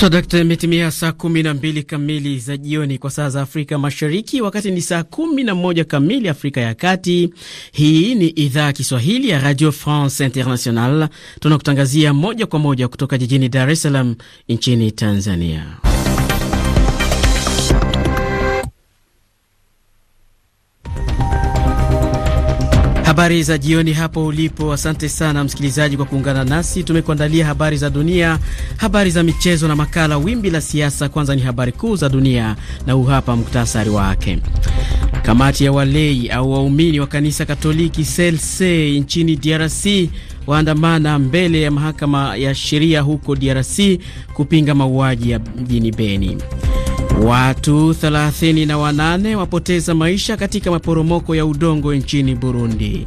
So, so, imetimia saa kumi na mbili kamili za jioni kwa saa za Afrika Mashariki, wakati ni saa kumi na moja kamili Afrika ya Kati. Hii ni idhaa ya Kiswahili ya Radio France International, tunakutangazia moja kwa moja kutoka jijini Dar es Salaam nchini Tanzania. Habari za jioni hapo ulipo. Asante sana msikilizaji kwa kuungana nasi. Tumekuandalia habari za dunia, habari za michezo na makala wimbi la siasa. Kwanza ni habari kuu za dunia na huu hapa muktasari wake. Kamati ya walei au waumini wa kanisa Katoliki CLC nchini DRC waandamana mbele ya mahakama ya sheria huko DRC kupinga mauaji ya mjini Beni. Watu 38 wapoteza maisha katika maporomoko ya udongo nchini Burundi,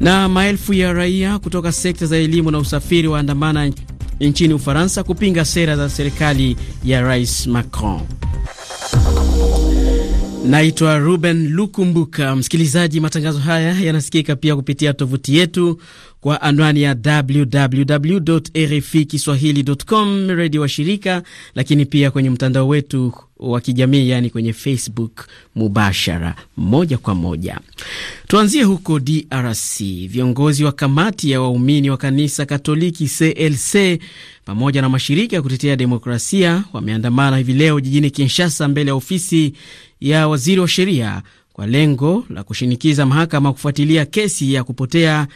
na maelfu ya raia kutoka sekta za elimu na usafiri waandamana nchini Ufaransa kupinga sera za serikali ya Rais Macron. Naitwa Ruben Lukumbuka, msikilizaji. Matangazo haya yanasikika pia kupitia tovuti yetu kwa anwani ya www RFI kiswahilicom redio wa shirika, lakini pia kwenye mtandao wetu wa kijamii yaani kwenye Facebook mubashara moja kwa moja. Tuanzie huko DRC. Viongozi wa kamati ya waumini wa kanisa Katoliki CLC pamoja na mashirika ya kutetea demokrasia wameandamana hivi leo jijini Kinshasa mbele ya ofisi ya waziri wa sheria kwa lengo la kushinikiza mahakama kufuatilia kesi ya kupotea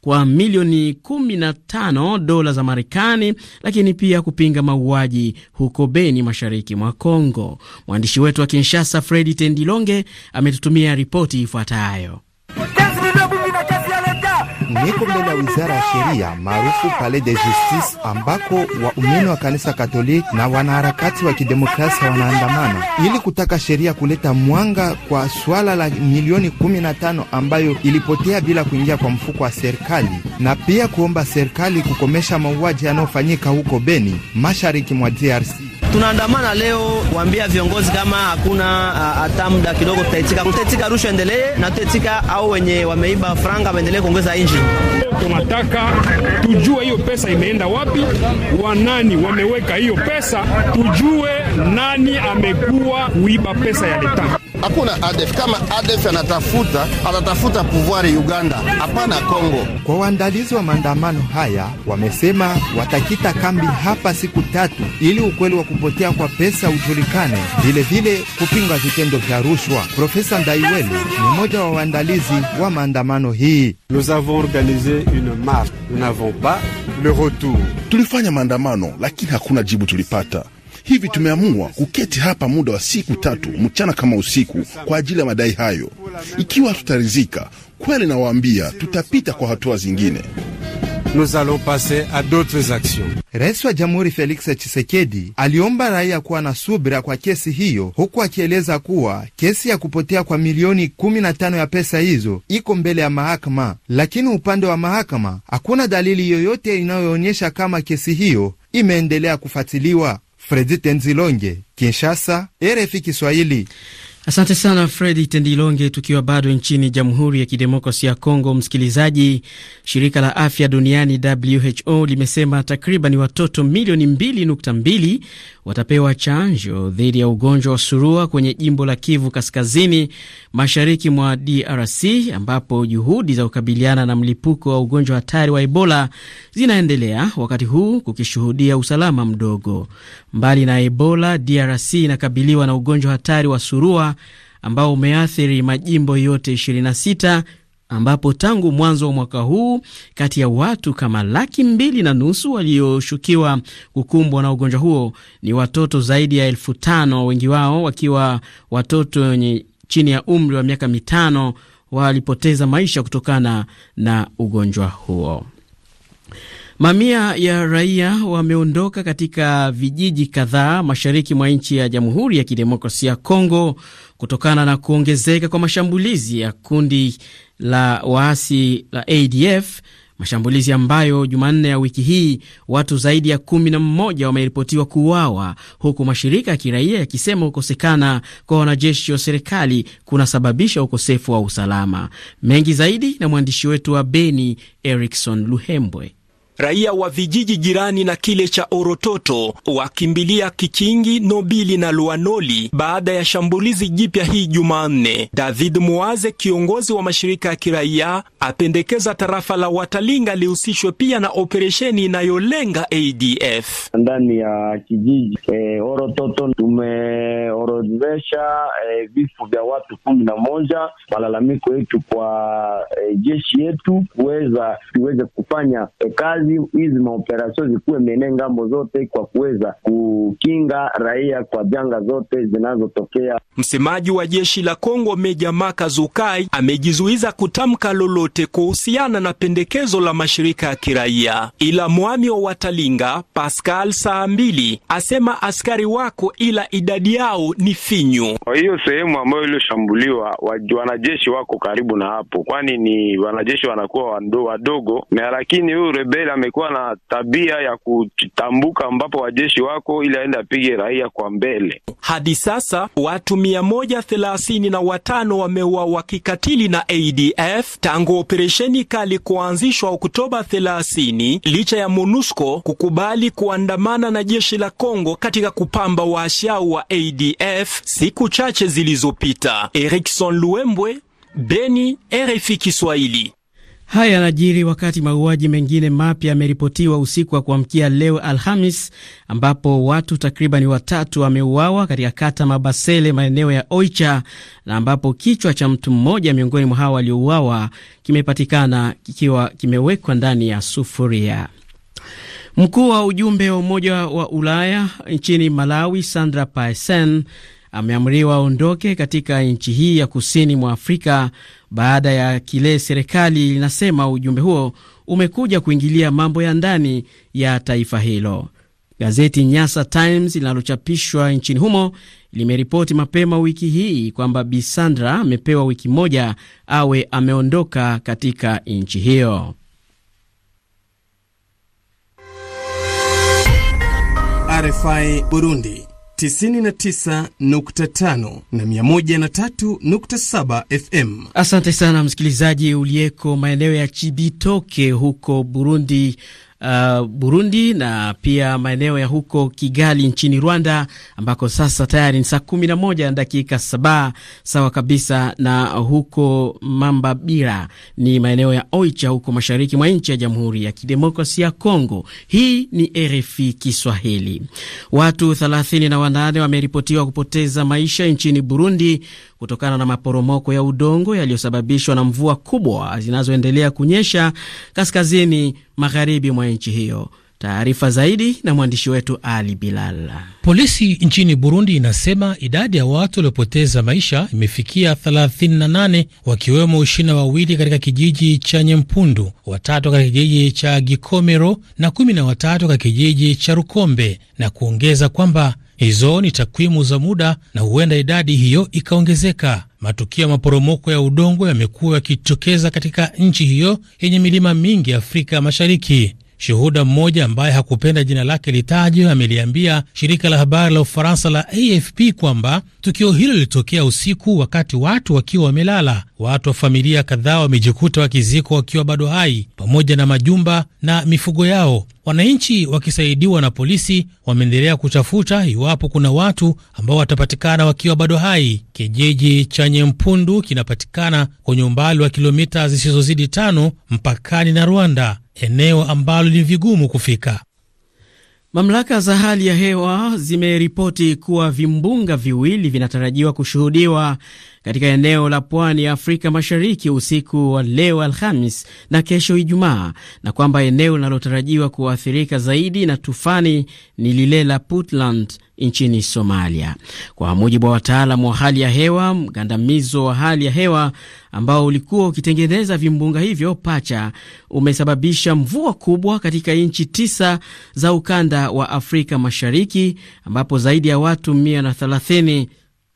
kwa milioni 15 dola za Marekani, lakini pia kupinga mauaji huko Beni, mashariki mwa congo Mwandishi wetu wa Kinshasa, Fredi Tendilonge, ametutumia ripoti ifuatayo niko mbele ya wizara ya sheria maarufu Palais de Justice, ambako waumini wa kanisa Katoliki na wanaharakati wa kidemokrasia wanaandamana ili kutaka sheria kuleta mwanga kwa swala la milioni 15 ambayo ilipotea bila kuingia kwa mfuko wa serikali na pia kuomba serikali kukomesha mauaji yanayofanyika huko Beni, mashariki mwa DRC. Tunaandamana leo kuambia viongozi kama hakuna hata muda kidogo, tutaitika tutaitika rushwa endelee na tutaitika au wenye wameiba franga waendelee kuongeza injini. Tunataka tujue hiyo pesa imeenda wapi, wanani wameweka hiyo pesa, tujue nani amekuwa kuiba pesa ya leta. Hakuna ADF. Kama ADF anatafuta atatafuta pouvoir Uganda, hapana Kongo. Kwa waandalizi wa maandamano haya wamesema watakita kambi hapa siku tatu ili ukweli wa kupotea kwa pesa ujulikane, vilevile kupinga vitendo vya rushwa. Profesa Ndaiweli ni mmoja wa waandalizi wa maandamano hii organiser une marche. Nous n'avons pas le retour. Tulifanya maandamano lakini hakuna jibu tulipata. Hivi tumeamua kuketi hapa muda wa siku tatu mchana kama usiku kwa ajili ya madai hayo. Ikiwa tutarizika kweli, nawaambia tutapita kwa hatua zingine nous allons passer à d'autres actions. Rais wa Jamhuri Felix Tshisekedi aliomba raia kuwa na subira kwa kesi hiyo, huku akieleza kuwa kesi ya kupotea kwa milioni 15 ya pesa hizo iko mbele ya mahakama, lakini upande wa mahakama hakuna dalili yoyote inayoonyesha kama kesi hiyo imeendelea kufuatiliwa. Fredi Tenzilonge, Kinshasa, RFI Kiswahili. Asante sana Fredi Tendilonge. Tukiwa bado nchini Jamhuri ya Kidemokrasia ya Kongo, msikilizaji, shirika la afya duniani WHO limesema takriban watoto milioni 2.2 watapewa chanjo dhidi ya ugonjwa wa surua kwenye jimbo la Kivu Kaskazini, mashariki mwa DRC, ambapo juhudi za kukabiliana na mlipuko wa ugonjwa hatari wa Ebola zinaendelea, wakati huu kukishuhudia usalama mdogo. Mbali na Ebola, DRC inakabiliwa na ugonjwa hatari wa surua ambao umeathiri majimbo yote 26 ambapo tangu mwanzo wa mwaka huu kati ya watu kama laki mbili na nusu walioshukiwa kukumbwa na ugonjwa huo ni watoto zaidi ya elfu tano, wengi wao wakiwa watoto wenye chini ya umri wa miaka mitano walipoteza maisha kutokana na ugonjwa huo. Mamia ya raia wameondoka katika vijiji kadhaa mashariki mwa nchi ya Jamhuri ya Kidemokrasia ya Kongo kutokana na kuongezeka kwa mashambulizi ya kundi la waasi la ADF, mashambulizi ambayo Jumanne ya wiki hii watu zaidi ya kumi na mmoja wameripotiwa kuuawa, huku mashirika ya kiraia yakisema kukosekana kwa wanajeshi wa serikali kunasababisha ukosefu wa usalama. Mengi zaidi na mwandishi wetu wa Beni, Erikson Luhembwe raia wa vijiji jirani na kile cha Orototo wakimbilia Kichingi, Nobili na Luanoli baada ya shambulizi jipya hii Jumanne. David Muaze, kiongozi wa mashirika ya kiraia, apendekeza tarafa la Watalinga lihusishwe pia na operesheni inayolenga ADF ndani ya kijiji e, Orototo. Tumeorodhesha e, vifo vya watu kumi na moja. Malalamiko yetu kwa e, jeshi yetu kuweza tuweze kufanya e, kazi Yaani, hizi maoperasio zikuwe menee ngambo zote kwa kuweza kukinga raia kwa janga zote zinazotokea. Msemaji wa jeshi la Kongo Meja Maka Zukai amejizuiza kutamka lolote kuhusiana na pendekezo la mashirika ya kiraia, ila mwami wa Watalinga Pascal saa mbili asema askari wako, ila idadi yao ni finyu. Kwa hiyo sehemu ambayo iliyoshambuliwa wanajeshi wako karibu na hapo, kwani ni wanajeshi wanakuwa wadogo, na lakini huyu rebeli amekuwa na tabia ya kutambuka ambapo wajeshi wako ili aende apige raia kwa mbele. Hadi sasa watu mia moja thelathini na watano wameuawa kikatili na ADF tangu operesheni kali kuanzishwa Oktoba 30 licha ya MONUSCO kukubali kuandamana na jeshi la Kongo katika kupamba waashiau wa ADF siku chache zilizopita. Erikson Luembwe, Beni, RFI Kiswahili. Haya yanajiri wakati mauaji mengine mapya yameripotiwa usiku wa kuamkia leo Alhamis, ambapo watu takribani watatu wameuawa katika kata Mabasele, maeneo ya Oicha, na ambapo kichwa cha mtu mmoja miongoni mwa hao waliouawa kimepatikana kikiwa kimewekwa ndani ya sufuria. Mkuu wa ujumbe wa Umoja wa Ulaya nchini Malawi, Sandra Paesen, ameamriwa aondoke katika nchi hii ya kusini mwa Afrika baada ya kile serikali linasema ujumbe huo umekuja kuingilia mambo ya ndani ya taifa hilo. Gazeti Nyasa Times linalochapishwa nchini humo limeripoti mapema wiki hii kwamba bisandra amepewa wiki moja awe ameondoka katika nchi hiyo. RFI Burundi 99.5 na 103.7 FM. Asante sana msikilizaji uliyeko maeneo ya Chibitoke huko Burundi uh, Burundi na pia maeneo ya huko Kigali nchini Rwanda, ambako sasa tayari ni saa kumi na moja na dakika saba sawa kabisa na huko Mambabira ni maeneo ya Oicha huko mashariki mwa nchi ya Jamhuri ya Kidemokrasia ya Kongo. Hii ni RFI Kiswahili. Watu thelathini na wanane wameripotiwa kupoteza maisha nchini Burundi kutokana na maporomoko ya udongo yaliyosababishwa na mvua kubwa zinazoendelea kunyesha kaskazini magharibi mwa nchi hiyo. Taarifa zaidi na mwandishi wetu Ali Bilal. Polisi nchini Burundi inasema idadi ya watu waliopoteza maisha imefikia 38 wakiwemo ishirini na wawili katika kijiji cha Nyempundu, watatu katika kijiji cha Gikomero na kumi na watatu katika kijiji cha Rukombe, na kuongeza kwamba Hizo ni takwimu za muda, na huenda idadi hiyo ikaongezeka. Matukio ya maporomoko ya udongo yamekuwa yakijitokeza katika nchi hiyo yenye milima mingi Afrika Mashariki. Shuhuda mmoja ambaye hakupenda jina lake litajwe ameliambia shirika la habari la Ufaransa la AFP kwamba tukio hilo lilitokea usiku wakati watu wakiwa wamelala. Watu wa familia kadhaa wamejikuta wakizikwa wakiwa bado hai, pamoja na majumba na mifugo yao. Wananchi wakisaidiwa na polisi wameendelea kutafuta iwapo kuna watu ambao watapatikana wakiwa bado hai. Kijiji cha Nyempundu kinapatikana kwenye umbali wa kilomita zisizozidi tano mpakani na Rwanda eneo ambalo ni vigumu kufika. Mamlaka za hali ya hewa zimeripoti kuwa vimbunga viwili vinatarajiwa kushuhudiwa katika eneo la pwani ya Afrika Mashariki usiku wa leo Alhamis na kesho Ijumaa, na kwamba eneo linalotarajiwa kuathirika zaidi na tufani ni lile la Puntland nchini Somalia. Kwa mujibu wa wataalam wa hali ya hewa, mgandamizo wa hali ya hewa ambao ulikuwa ukitengeneza vimbunga hivyo pacha umesababisha mvua kubwa katika nchi tisa za ukanda wa Afrika Mashariki ambapo zaidi ya watu 130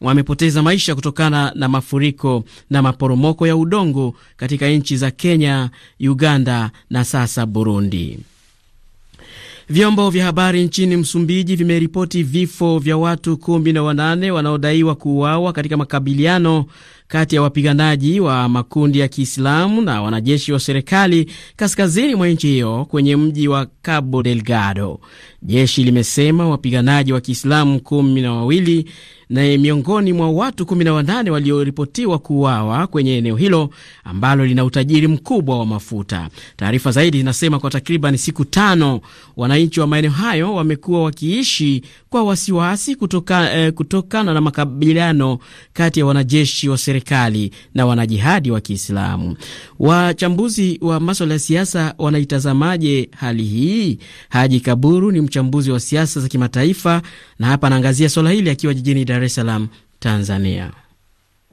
wamepoteza maisha kutokana na mafuriko na maporomoko ya udongo katika nchi za Kenya, Uganda na sasa Burundi. Vyombo vya habari nchini Msumbiji vimeripoti vifo vya watu kumi na wanane wanaodaiwa kuuawa katika makabiliano kati ya wapiganaji wa makundi ya Kiislamu na wanajeshi wa serikali kaskazini mwa nchi hiyo kwenye mji wa Cabo Delgado. Jeshi limesema wapiganaji wa Kiislamu kumi na wawili na miongoni mwa watu 18 walioripotiwa kuuawa kwenye eneo hilo ambalo lina utajiri mkubwa wa mafuta. Taarifa zaidi zinasema kwa takriban siku tano wananchi wa maeneo hayo wamekuwa wakiishi kwa wasiwasi kutokana eh, kutokana na makabiliano kati ya wanajeshi wa serikali serikali na wanajihadi wa Kiislamu. Wachambuzi wa maswala ya siasa wanaitazamaje hali hii? Haji Kaburu ni mchambuzi wa siasa za kimataifa na hapa anaangazia swala hili akiwa jijini Dar es Salaam, Tanzania.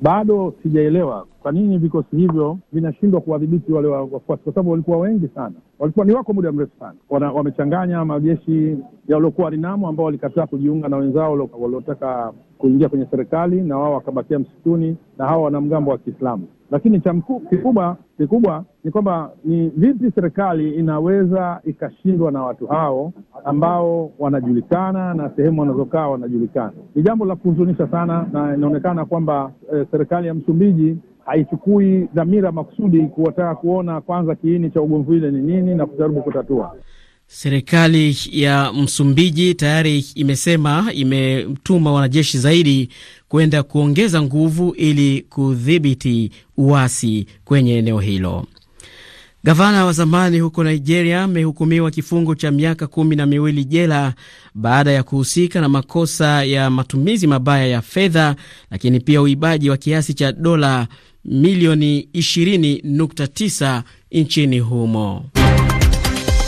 Bado sijaelewa kwa nini vikosi hivyo vinashindwa kuwadhibiti wale wafuasi, kwa sababu walikuwa wengi sana walikuwa ni wako muda mrefu sana, wamechanganya majeshi ya waliokuwa ambao walikataa kujiunga na wenzao waliotaka kuingia kwenye serikali, na wao wakabakia msituni, na hawa wanamgambo wa Kiislamu. Lakini cha kikubwa kikubwa ni kwamba ni vipi serikali inaweza ikashindwa na watu hao ambao wanajulikana na sehemu wanazokaa wanajulikana. Ni jambo la kuhuzunisha sana, na inaonekana kwamba eh, serikali ya Msumbiji haichukui dhamira makusudi kuwataka kuona kwanza kiini cha ugomvi ile ni nini na kujaribu kutatua. Serikali ya Msumbiji tayari imesema imetuma wanajeshi zaidi kwenda kuongeza nguvu ili kudhibiti uasi kwenye eneo hilo. Gavana wa zamani huko Nigeria amehukumiwa kifungo cha miaka kumi na miwili jela baada ya kuhusika na makosa ya matumizi mabaya ya fedha, lakini pia uibaji wa kiasi cha dola milioni 20.9 nchini humo.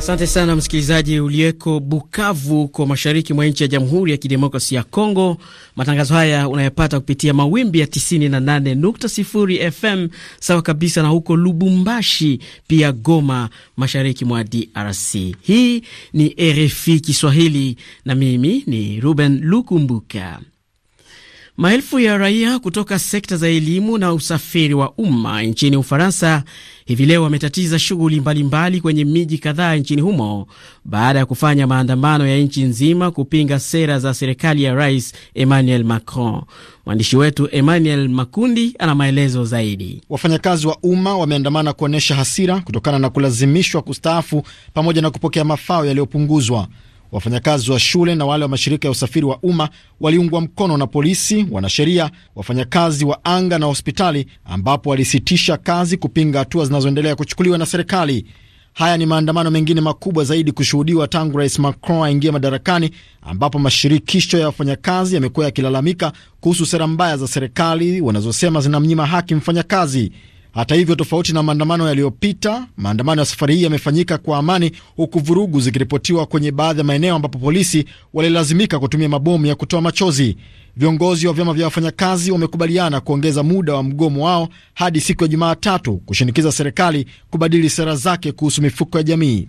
Asante sana msikilizaji uliyeko Bukavu kwa mashariki mwa nchi ya Jamhuri ya Kidemokrasia ya Kongo. Matangazo haya unayapata kupitia mawimbi ya 98.0 FM, sawa kabisa na huko Lubumbashi, pia Goma, mashariki mwa DRC. Hii ni RFI Kiswahili na mimi ni Ruben Lukumbuka. Maelfu ya raia kutoka sekta za elimu na usafiri wa umma nchini Ufaransa hivi leo wametatiza shughuli mbalimbali kwenye miji kadhaa nchini humo baada ya kufanya maandamano ya nchi nzima kupinga sera za serikali ya Rais Emmanuel Macron. Mwandishi wetu Emmanuel Makundi ana maelezo zaidi. Wafanyakazi wa umma wameandamana kuonyesha hasira kutokana na kulazimishwa kustaafu pamoja na kupokea mafao yaliyopunguzwa. Wafanyakazi wa shule na wale wa mashirika ya usafiri wa umma waliungwa mkono na polisi, wanasheria, wafanyakazi wa anga na hospitali, ambapo walisitisha kazi kupinga hatua zinazoendelea kuchukuliwa na serikali. Haya ni maandamano mengine makubwa zaidi kushuhudiwa tangu Rais Macron aingie madarakani, ambapo mashirikisho ya wafanyakazi yamekuwa yakilalamika kuhusu sera mbaya za serikali wanazosema zinamnyima haki mfanyakazi. Hata hivyo, tofauti na maandamano yaliyopita, maandamano ya safari hii yamefanyika kwa amani, huku vurugu zikiripotiwa kwenye baadhi ya maeneo ambapo polisi walilazimika kutumia mabomu ya kutoa machozi. Viongozi wa vyama vya wafanyakazi wamekubaliana kuongeza muda wa mgomo wao hadi siku ya tatu kushinikiza serikali kubadili sera zake kuhusu mifuko ya jamii.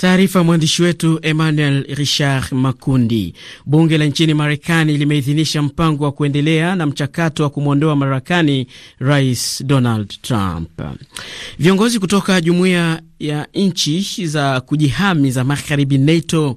Taarifa ya mwandishi wetu Emmanuel Richard Makundi. Bunge la nchini Marekani limeidhinisha mpango wa kuendelea na mchakato wa kumwondoa madarakani Rais Donald Trump. Viongozi kutoka jumuiya ya nchi za kujihami za magharibi NATO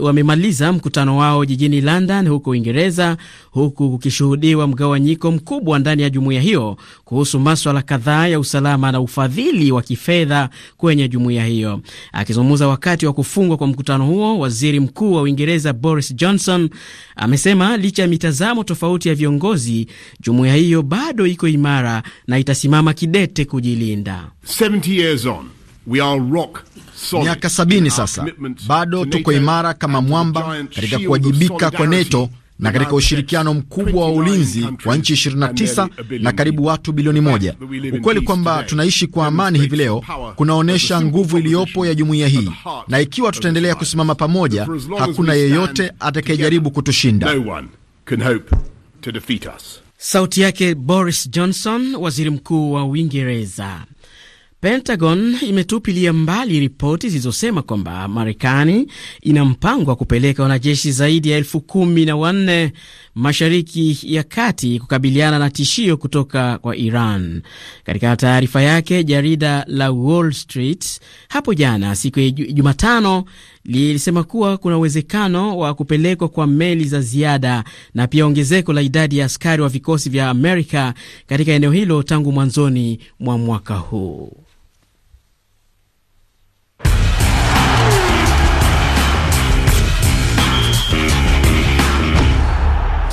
wamemaliza mkutano wao jijini London huko Uingereza, huku kukishuhudiwa mgawanyiko mkubwa ndani ya jumuiya hiyo kuhusu maswala kadhaa ya usalama na ufadhili wa kifedha kwenye jumuiya hiyo. Akizungumza wakati wa kufungwa kwa mkutano huo, waziri mkuu wa Uingereza Boris Johnson amesema licha ya mitazamo tofauti ya viongozi, jumuiya hiyo bado iko imara na itasimama kidete kujilinda. 70 years on, we are rock miaka sabini sasa, bado tuko imara kama mwamba katika kuwajibika kwa NATO na katika ushirikiano mkubwa wa ulinzi wa nchi 29 na karibu watu bilioni moja. Ukweli kwamba tunaishi kwa amani hivi leo kunaonyesha nguvu iliyopo ya jumuiya hii, na ikiwa tutaendelea kusimama pamoja, hakuna yeyote atakayejaribu kutushinda. Sauti yake Boris Johnson, waziri mkuu wa Uingereza. Pentagon imetupilia mbali ripoti zilizosema kwamba Marekani ina mpango wa kupeleka wanajeshi zaidi ya elfu kumi na wanne mashariki ya kati kukabiliana na tishio kutoka kwa Iran. Katika taarifa yake, jarida la Wall Street hapo jana siku ya Jumatano lilisema kuwa kuna uwezekano wa kupelekwa kwa meli za ziada na pia ongezeko la idadi ya askari wa vikosi vya Amerika katika eneo hilo tangu mwanzoni mwa mwaka huu.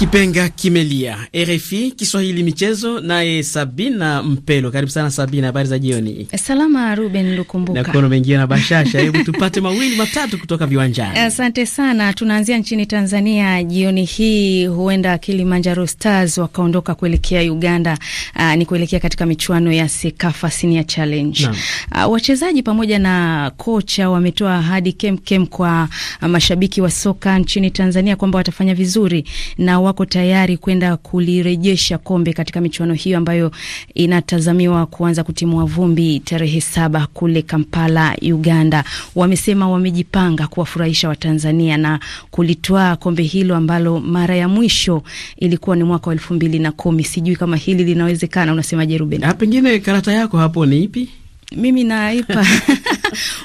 Kipenga kimelia. RFI Kiswahili michezo, naye Sabina Mpelo. Karibu sana Sabina, habari za jioni. Salama Ruben Lukumbuka. Nakuona mengine na bashasha. Hebu tupate mawili matatu kutoka viwanjani. Asante sana. Tunaanzia nchini Tanzania jioni hii, huenda Kilimanjaro Stars wakaondoka kuelekea Uganda. Uh, ni kuelekea katika michuano ya Sekafa Senior Challenge. Uh, wachezaji pamoja na kocha wametoa ahadi kemkem kwa mashabiki wa soka nchini Tanzania kwamba watafanya vizuri na wa wako tayari kwenda kulirejesha kombe katika michuano hiyo ambayo inatazamiwa kuanza kutimua vumbi tarehe saba kule Kampala, Uganda. Wamesema wamejipanga kuwafurahisha Watanzania na kulitwaa kombe hilo ambalo mara ya mwisho ilikuwa ni mwaka wa elfu mbili na kumi. Sijui kama hili linawezekana, unasemaje Ruben? Ah, pengine karata yako hapo ni ipi? Mimi naipa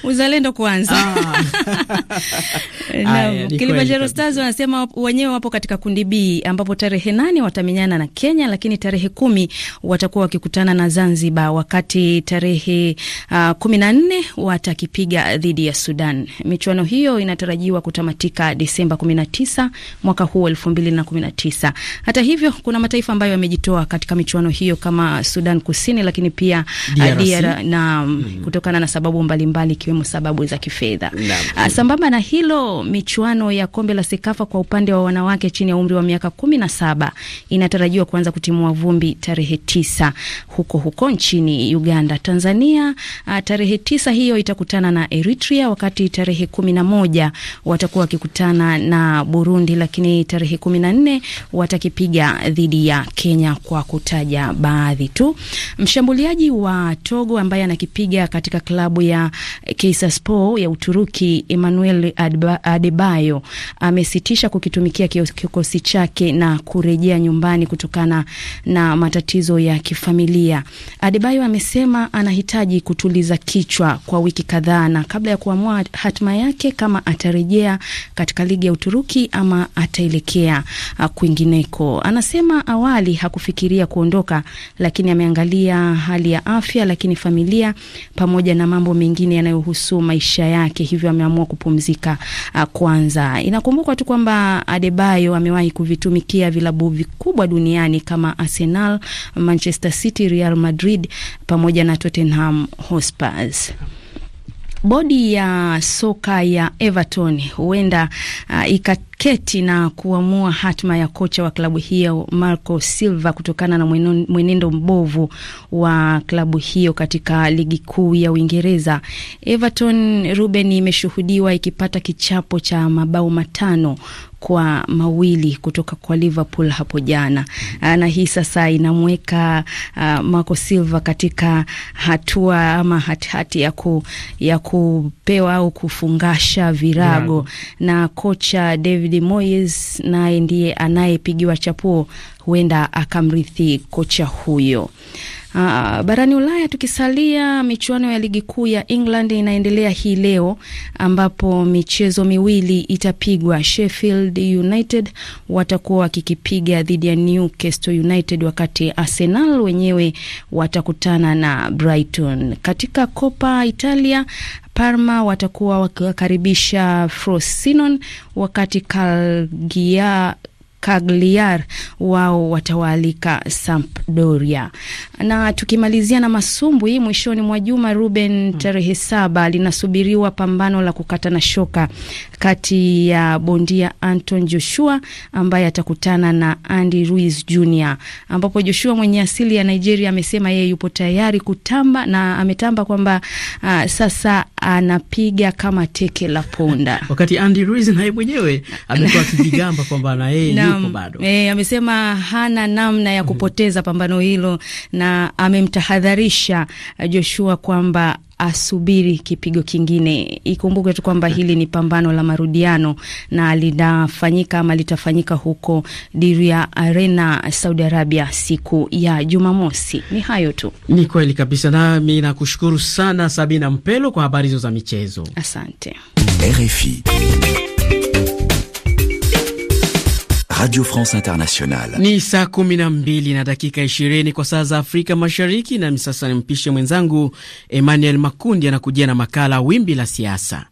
uzalendo kwanza. Ah. Kilimanjaro Stars wanasema wenyewe wapo katika kundi B ambapo tarehe nane watamenyana na Kenya, lakini tarehe kumi watakuwa wakikutana na Zanzibar, wakati tarehe uh, kumi na nne watakipiga dhidi ya Sudan. Michuano hiyo inatarajiwa kutamatika Desemba 19 mwaka huu 2019. Hata hivyo kuna mataifa ambayo yamejitoa katika michuano hiyo kama Sudan Kusini, lakini pia ah, DRC na Salaam mm -hmm. kutokana na sababu mbalimbali ikiwemo mbali, sababu za kifedha mm -hmm. Sambamba na hilo, michuano ya kombe la Sekafa kwa upande wa wanawake chini ya umri wa miaka kumi na saba inatarajiwa kuanza kutimua vumbi tarehe tisa huko huko nchini Uganda. Tanzania a, ah, tarehe tisa hiyo itakutana na Eritrea, wakati tarehe kumi na moja watakuwa wakikutana na Burundi, lakini tarehe kumi na nne watakipiga dhidi ya Kenya, kwa kutaja baadhi tu. Mshambuliaji wa Togo ambaye anaki akipiga katika klabu ya Kayserispor ya Uturuki, Emmanuel Adebayo amesitisha kukitumikia kikosi chake na kurejea nyumbani kutokana na matatizo ya kifamilia. Adebayo amesema anahitaji kutuliza kichwa kwa wiki kadhaa na kabla ya kuamua hatima yake kama atarejea katika ligi ya Uturuki ama ataelekea ah, kwingineko. Anasema awali hakufikiria kuondoka, lakini ameangalia hali ya afya, lakini familia pamoja na mambo mengine yanayohusu maisha yake, hivyo ameamua kupumzika uh, kwanza. Inakumbukwa tu kwamba Adebayo amewahi kuvitumikia vilabu vikubwa duniani kama Arsenal, Manchester City, Real Madrid pamoja na Tottenham Hotspur. Bodi ya soka ya Everton huenda uh, keti na kuamua hatima ya kocha wa klabu hiyo Marco Silva kutokana na mwenendo mbovu wa klabu hiyo katika ligi kuu ya Uingereza. Everton Ruben imeshuhudiwa ikipata kichapo cha mabao matano kwa mawili kutoka kwa Liverpool hapo jana, ah, na hii sasa inamweka uh, Marco Silva katika hatua ama hatihati ya, ku, ya kupewa au kufungasha virago yeah. na kocha David David Moyes naye ndiye anayepigiwa chapuo huenda akamrithi kocha huyo. Uh, barani Ulaya tukisalia, michuano ya ligi kuu ya England inaendelea hii leo ambapo michezo miwili itapigwa. Sheffield United watakuwa wakikipiga dhidi ya Newcastle United, wakati Arsenal wenyewe watakutana na Brighton. Katika Coppa Italia Parma watakuwa wakiwakaribisha Frosinone, wakati Cagliari Cagliari wao watawaalika Sampdoria. Na tukimalizia na masumbwi, mwishoni mwa juma Ruben, tarehe saba linasubiriwa pambano la kukata na shoka kati ya bondia Anton Joshua ambaye atakutana na Andy Ruiz Jr, ambapo Joshua mwenye asili ya Nigeria amesema yeye yupo tayari kutamba na ametamba kwamba uh, sasa anapiga kama teke la ponda, wakati Andy Ruiz naye mwenyewe amekuwa akijigamba kwamba na yeye bado. E, amesema hana namna ya mhm. kupoteza pambano hilo na amemtahadharisha Joshua kwamba asubiri kipigo kingine. ikumbuke tu kwamba hili ni pambano la marudiano na linafanyika ama litafanyika huko diria Arena, Saudi Arabia, siku ya Jumamosi. Ni hayo tu. Ni kweli kabisa, nami nakushukuru sana Sabina Mpelo kwa habari hizo za michezo. Asante RFI. Radio France Internationale. Ni saa kumi na mbili na dakika ishirini kwa saa za Afrika Mashariki, nami sasa nimpishe mwenzangu Emmanuel Makundi anakujia na makala Wimbi la Siasa.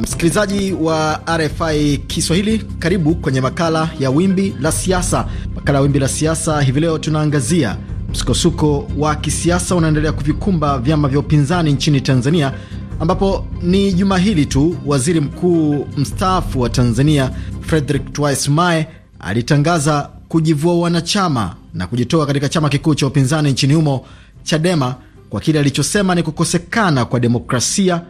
Msikilizaji wa RFI Kiswahili, karibu kwenye makala ya Wimbi la Siasa. Makala ya Wimbi la Siasa hivi leo tunaangazia msukosuko wa kisiasa unaendelea kuvikumba vyama vya upinzani nchini Tanzania ambapo ni juma hili tu waziri mkuu mstaafu wa Tanzania Frederick Twice Mae alitangaza kujivua wanachama na kujitoa katika chama kikuu cha upinzani nchini humo Chadema kwa kile alichosema ni kukosekana kwa demokrasia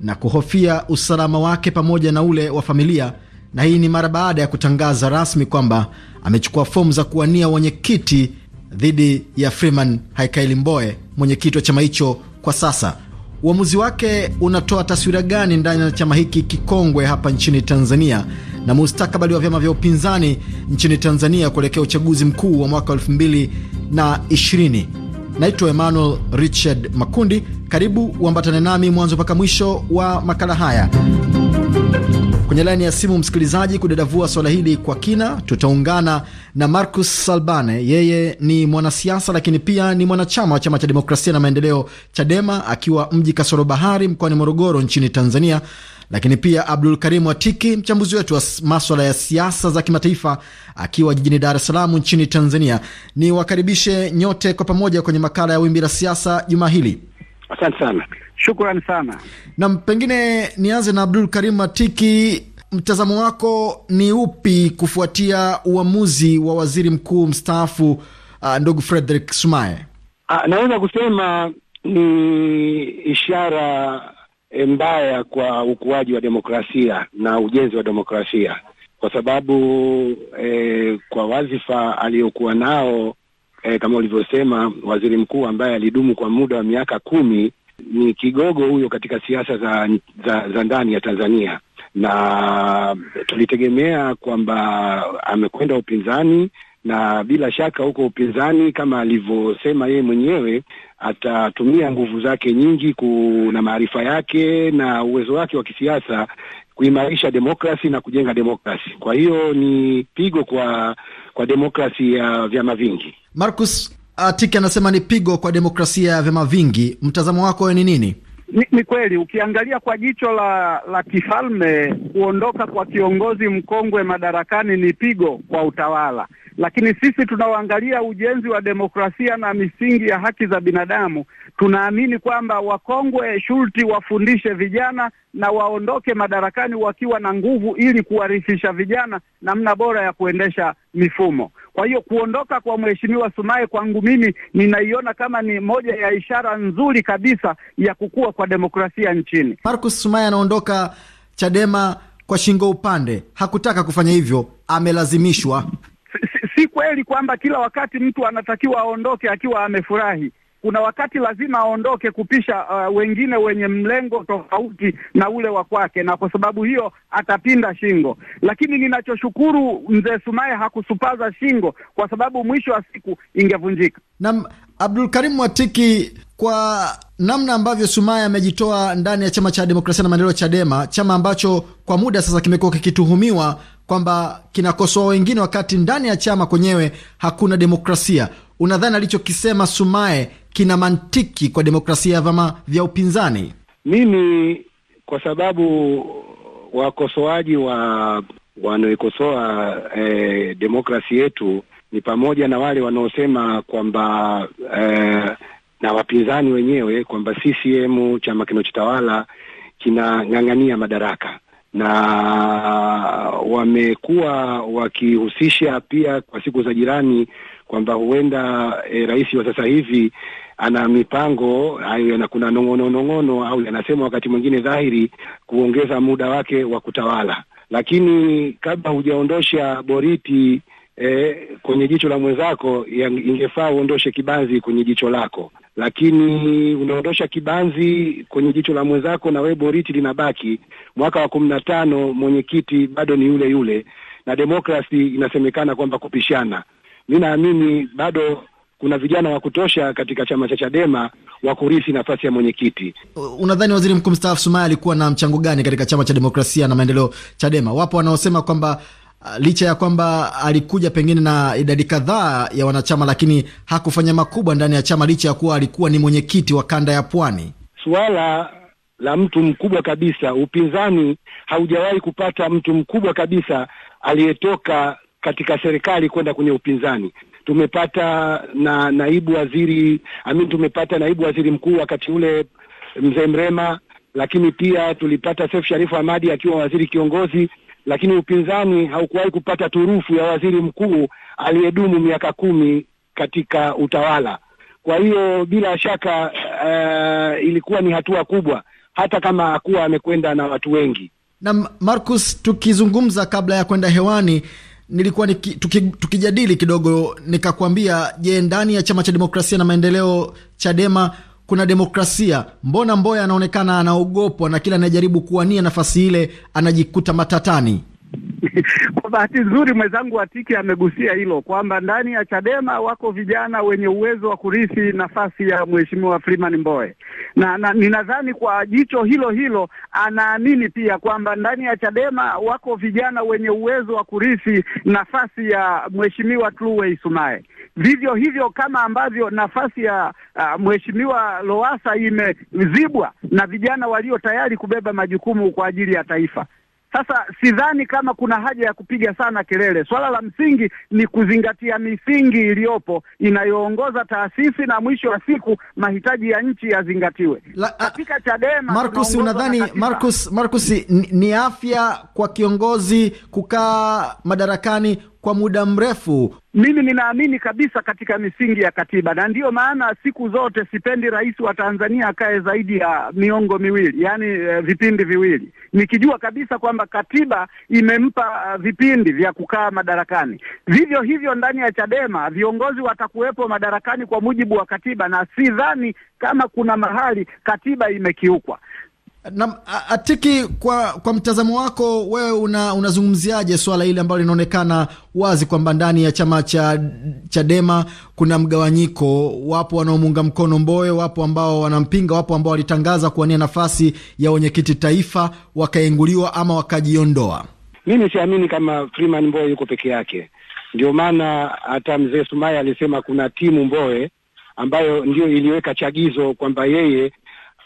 na kuhofia usalama wake pamoja na ule wa familia. Na hii ni mara baada ya kutangaza rasmi kwamba amechukua fomu za kuwania wenyekiti dhidi ya Freeman Haikaili Mbowe, mwenyekiti wa chama hicho kwa sasa. Uamuzi wake unatoa taswira gani ndani ya chama hiki kikongwe hapa nchini Tanzania na mustakabali wa vyama vya upinzani nchini Tanzania kuelekea uchaguzi mkuu wa mwaka 2020? Naitwa Emmanuel Richard Makundi. Karibu uambatane nami mwanzo mpaka mwisho wa makala haya. Kwenye laini ya simu, msikilizaji, kudadavua swala hili kwa kina, tutaungana na Marcus Salbane. Yeye ni mwanasiasa lakini pia ni mwanachama wa chama cha demokrasia na maendeleo CHADEMA, akiwa mji kasoro bahari mkoani Morogoro nchini Tanzania, lakini pia Abdul Karimu Atiki, mchambuzi wetu wa maswala ya siasa za kimataifa, akiwa jijini Dar es Salaam nchini Tanzania. Ni wakaribishe nyote kwa pamoja kwenye makala ya Wimbi la Siasa juma hili. Asante sana. Shukrani sana. Nam, pengine nianze na Abdul Karim Matiki, mtazamo wako ni upi kufuatia uamuzi wa waziri mkuu mstaafu uh, ndugu Frederick Sumaye? Ah, naweza kusema ni ishara eh, mbaya kwa ukuaji wa demokrasia na ujenzi wa demokrasia kwa sababu eh, kwa wadhifa aliyokuwa nao eh, kama ulivyosema waziri mkuu ambaye alidumu kwa muda wa miaka kumi ni kigogo huyo katika siasa za, za, za ndani ya Tanzania, na tulitegemea kwamba amekwenda upinzani na bila shaka huko upinzani, kama alivyosema yeye mwenyewe, atatumia nguvu zake nyingi na maarifa yake na uwezo wake wa kisiasa kuimarisha demokrasi na kujenga demokrasi. Kwa hiyo ni pigo kwa kwa demokrasi ya vyama vingi. Marcus, Atiki anasema ni pigo kwa demokrasia ya vyama vingi. Mtazamo wako ni nini? Ni, ni kweli ukiangalia kwa jicho la la kifalme, kuondoka kwa kiongozi mkongwe madarakani ni pigo kwa utawala, lakini sisi tunaoangalia ujenzi wa demokrasia na misingi ya haki za binadamu tunaamini kwamba wakongwe shurti wafundishe vijana na waondoke madarakani wakiwa na nguvu, ili kuwarithisha vijana namna bora ya kuendesha mifumo. Kwa hiyo kuondoka kwa mheshimiwa Sumaye kwangu mimi ninaiona kama ni moja ya ishara nzuri kabisa ya kukua kwa demokrasia nchini. Marcus Sumaye anaondoka Chadema kwa shingo upande, hakutaka kufanya hivyo, amelazimishwa si kweli kwamba kila wakati mtu anatakiwa aondoke akiwa amefurahi kuna wakati lazima aondoke kupisha uh, wengine wenye mlengo tofauti na ule wa kwake, na kwa sababu hiyo atapinda shingo. Lakini ninachoshukuru mzee Sumaye hakusupaza shingo, kwa sababu mwisho wa siku ingevunjika. Naam, Abdul Karim Mwatiki, kwa namna ambavyo Sumaye amejitoa ndani ya chama cha demokrasia na maendeleo Chadema, chama ambacho kwa muda sasa kimekuwa kikituhumiwa kwamba kinakosoa wengine, wakati ndani ya chama kwenyewe hakuna demokrasia. Unadhani alichokisema Sumaye kina mantiki kwa demokrasia ya vyama vya upinzani? Mimi kwa sababu wakosoaji wa wanaoikosoa e, demokrasi yetu ni pamoja na wale wanaosema kwamba e, na wapinzani wenyewe kwamba CCM chama kinachotawala kinang'ang'ania madaraka, na wamekuwa wakihusisha pia kwa siku za jirani kwamba huenda e, rais wa sasa hivi ana mipango hayo, kuna nong'ono nong'ono au yanasema wakati mwingine dhahiri kuongeza muda wake wa kutawala, lakini kabla hujaondosha boriti e, kwenye jicho la mwenzako, ingefaa uondoshe kibanzi kwenye jicho lako lakini unaondosha kibanzi kwenye jicho la mwenzako na wewe boriti linabaki. Mwaka wa kumi na tano mwenyekiti bado ni yule yule, na demokrasi inasemekana kwamba kupishana mi naamini bado kuna vijana wa kutosha katika chama cha Chadema wa kurithi nafasi ya mwenyekiti. Unadhani waziri mkuu mstaafu Sumaye alikuwa na mchango gani katika chama cha demokrasia na maendeleo Chadema? Wapo wanaosema kwamba uh, licha ya kwamba alikuja pengine na idadi kadhaa ya wanachama, lakini hakufanya makubwa ndani ya chama, licha ya kuwa alikuwa ni mwenyekiti wa kanda ya Pwani. Suala la mtu mkubwa kabisa, upinzani haujawahi kupata mtu mkubwa kabisa aliyetoka katika serikali kwenda kwenye upinzani. Tumepata na naibu waziri amin, tumepata naibu waziri mkuu wakati ule mzee Mrema, lakini pia tulipata Seif sharifu hamadi akiwa waziri kiongozi, lakini upinzani haukuwahi kupata turufu ya waziri mkuu aliyedumu miaka kumi katika utawala. Kwa hiyo bila shaka uh, ilikuwa ni hatua kubwa, hata kama hakuwa amekwenda na watu wengi. Na Marcus, tukizungumza kabla ya kwenda hewani nilikuwa niki, tuki, tukijadili kidogo nikakwambia, je, ndani ya chama cha demokrasia na maendeleo Chadema kuna demokrasia? Mbona Mboya anaonekana anaogopwa na kila anajaribu kuwania nafasi ile anajikuta matatani. Kwa bahati nzuri mwenzangu Watiki amegusia hilo kwamba ndani ya Chadema wako vijana wenye uwezo wa kurithi nafasi ya Mheshimiwa Freeman Mbowe, na, na ninadhani kwa jicho hilo hilo anaamini pia kwamba ndani ya Chadema wako vijana wenye uwezo wa kurithi nafasi ya Mheshimiwa Tuwe Sumaye. Vivyo hivyo kama ambavyo nafasi ya uh, Mheshimiwa Lowasa imezibwa na vijana walio tayari kubeba majukumu kwa ajili ya taifa. Sasa sidhani kama kuna haja ya kupiga sana kelele. Swala la msingi ni kuzingatia misingi iliyopo inayoongoza taasisi na mwisho wa siku mahitaji ya nchi yazingatiwe katika Chadema. Marcus, unadhani Marcus, Marcus ni, ni afya kwa kiongozi kukaa madarakani kwa muda mrefu. Mimi ninaamini kabisa katika misingi ya katiba, na ndiyo maana siku zote sipendi rais wa Tanzania akae zaidi ya miongo miwili, yaani e, vipindi viwili, nikijua kabisa kwamba katiba imempa eh, vipindi vya kukaa madarakani. Vivyo hivyo ndani ya Chadema viongozi watakuwepo madarakani kwa mujibu wa katiba, na si dhani kama kuna mahali katiba imekiukwa. Na Atiki, kwa, kwa mtazamo wako wewe unazungumziaje una swala hili ambalo linaonekana wazi kwamba ndani ya chama cha Chadema kuna mgawanyiko? Wapo wanaomuunga mkono mboe wapo ambao wanampinga, wapo ambao walitangaza kuwania nafasi ya wenyekiti taifa wakaenguliwa ama wakajiondoa. Mimi siamini kama Freeman Mbowe yuko peke yake, ndio maana hata mzee Sumaya alisema kuna timu mboe ambayo ndio iliweka chagizo kwamba yeye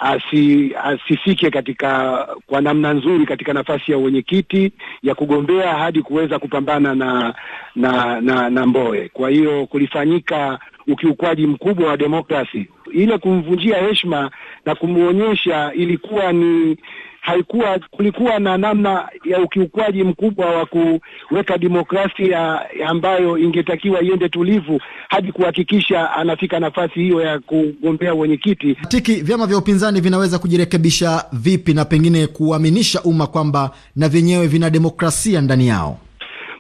asi, asifike katika kwa namna nzuri katika nafasi ya wenyekiti ya kugombea hadi kuweza kupambana na na na, na Mboe. Kwa hiyo kulifanyika ukiukwaji mkubwa wa demokrasi. Ile kumvunjia heshima na kumwonyesha ilikuwa ni haikuwa, kulikuwa na namna ya ukiukwaji mkubwa wa kuweka demokrasia ambayo ingetakiwa iende tulivu hadi kuhakikisha anafika nafasi hiyo ya kugombea wenyekiti. Tiki, vyama vya upinzani vinaweza kujirekebisha vipi na pengine kuaminisha umma kwamba na vyenyewe vina demokrasia ndani yao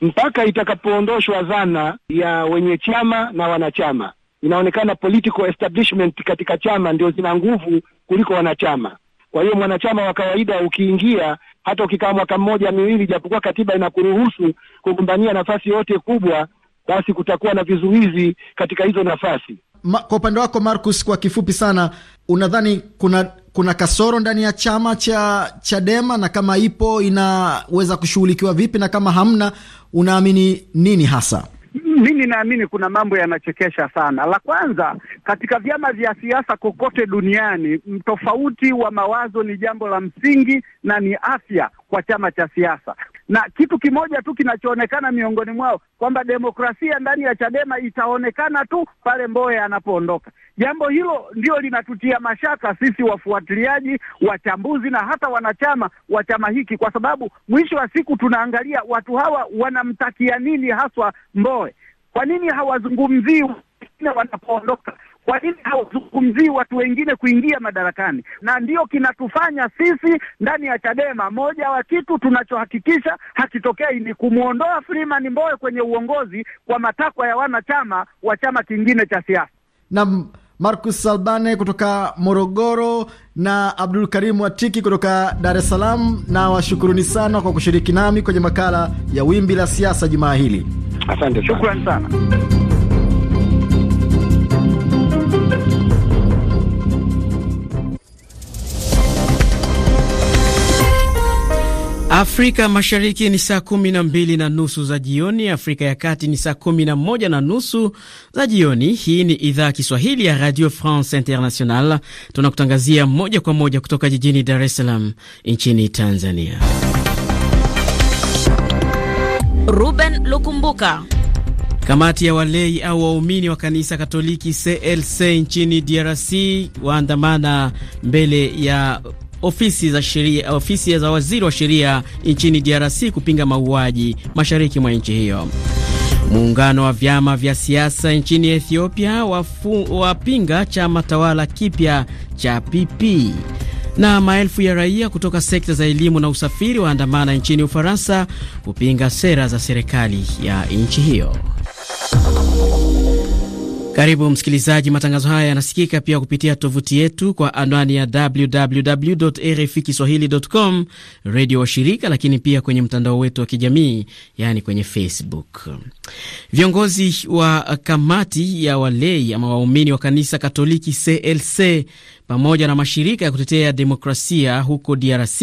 mpaka itakapoondoshwa dhana ya wenye chama na wanachama. Inaonekana political establishment katika chama ndio zina nguvu kuliko wanachama. Kwa hiyo mwanachama wa kawaida ukiingia, hata ukikaa mwaka mmoja miwili, japokuwa katiba inakuruhusu kugombania nafasi yote kubwa, basi kutakuwa na vizuizi katika hizo nafasi. Ma, kwa upande wako Marcus, kwa kifupi sana, unadhani kuna kuna kasoro ndani ya chama cha Chadema, na kama ipo inaweza kushughulikiwa vipi, na kama hamna unaamini nini hasa? mimi naamini kuna mambo yanachekesha sana. La kwanza, katika vyama vya siasa kokote duniani, mtofauti wa mawazo ni jambo la msingi na ni afya kwa chama cha siasa, na kitu kimoja tu kinachoonekana miongoni mwao kwamba demokrasia ndani ya Chadema itaonekana tu pale Mbowe anapoondoka. Jambo hilo ndio linatutia mashaka sisi wafuatiliaji, wachambuzi na hata wanachama wa chama hiki, kwa sababu mwisho wa siku tunaangalia watu hawa wanamtakia nini haswa mboe Kwa nini hawazungumzii wengine wanapoondoka? Kwa nini hauzungumzii watu wengine kuingia madarakani? Na ndio kinatufanya sisi ndani ya Chadema, moja wa kitu tunachohakikisha hakitokei ni kumwondoa Freeman Mbowe kwenye uongozi kwa matakwa ya wanachama wa chama kingine cha siasa. Naam, Marcus Salbane kutoka Morogoro na Abdul Karimu Atiki kutoka Dar es Salaam, na washukuruni sana kwa kushiriki nami kwenye makala ya Wimbi la Siasa jumaa hili. Asante, shukrani sana. Afrika Mashariki ni saa kumi na mbili na nusu za jioni. Afrika ya Kati ni saa kumi na moja na nusu za jioni. Hii ni idhaa Kiswahili ya Radio France International, tunakutangazia moja kwa moja kutoka jijini Dar es Salaam nchini Tanzania. Ruben Lukumbuka. Kamati ya walei au waumini wa kanisa Katoliki CLC nchini DRC waandamana mbele ya ofisi za sheria, ofisi za waziri wa sheria nchini DRC kupinga mauaji mashariki mwa nchi hiyo. Muungano wa vyama vya siasa nchini Ethiopia wafu, wapinga chama tawala kipya cha PP na maelfu ya raia kutoka sekta za elimu na usafiri waandamana nchini Ufaransa kupinga sera za serikali ya nchi hiyo. Karibu msikilizaji, matangazo haya yanasikika pia kupitia tovuti yetu kwa anwani ya www RFI kiswahilicom, redio wa shirika, lakini pia kwenye mtandao wetu wa kijamii, yaani kwenye Facebook. Viongozi wa kamati ya walei ama waumini wa kanisa Katoliki CLC pamoja na mashirika ya kutetea demokrasia huko DRC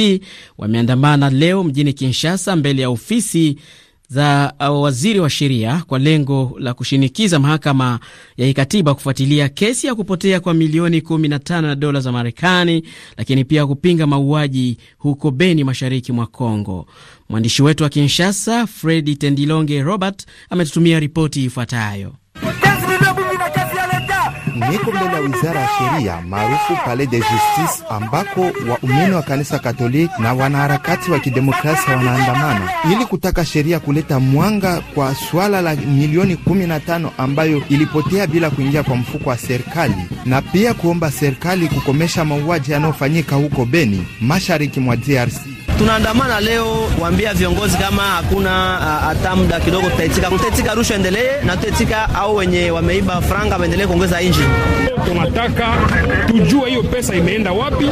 wameandamana leo mjini Kinshasa mbele ya ofisi za uh, waziri wa sheria kwa lengo la kushinikiza mahakama ya kikatiba kufuatilia kesi ya kupotea kwa milioni 15 ya dola za Marekani, lakini pia kupinga mauaji huko Beni, mashariki mwa Kongo. Mwandishi wetu wa Kinshasa, Fredi Tendilonge Robert, ametutumia ripoti ifuatayo niko mbele ya wizara ya sheria maarufu Palais de Justice, ambako waumini wa kanisa Katoliki na wanaharakati wa kidemokrasia wanaandamana ili kutaka sheria kuleta mwanga kwa swala la milioni 15 ambayo ilipotea bila kuingia kwa mfuko wa serikali, na pia kuomba serikali kukomesha mauaji yanayofanyika huko Beni, mashariki mwa DRC tunaandamana leo kuambia viongozi kama hakuna ah, hata muda kidogo, tutaitika tutaitika, rushwa endelee na tutaitika au wenye wameiba franga waendelee kuongeza inji. Tunataka tujue hiyo pesa imeenda wapi,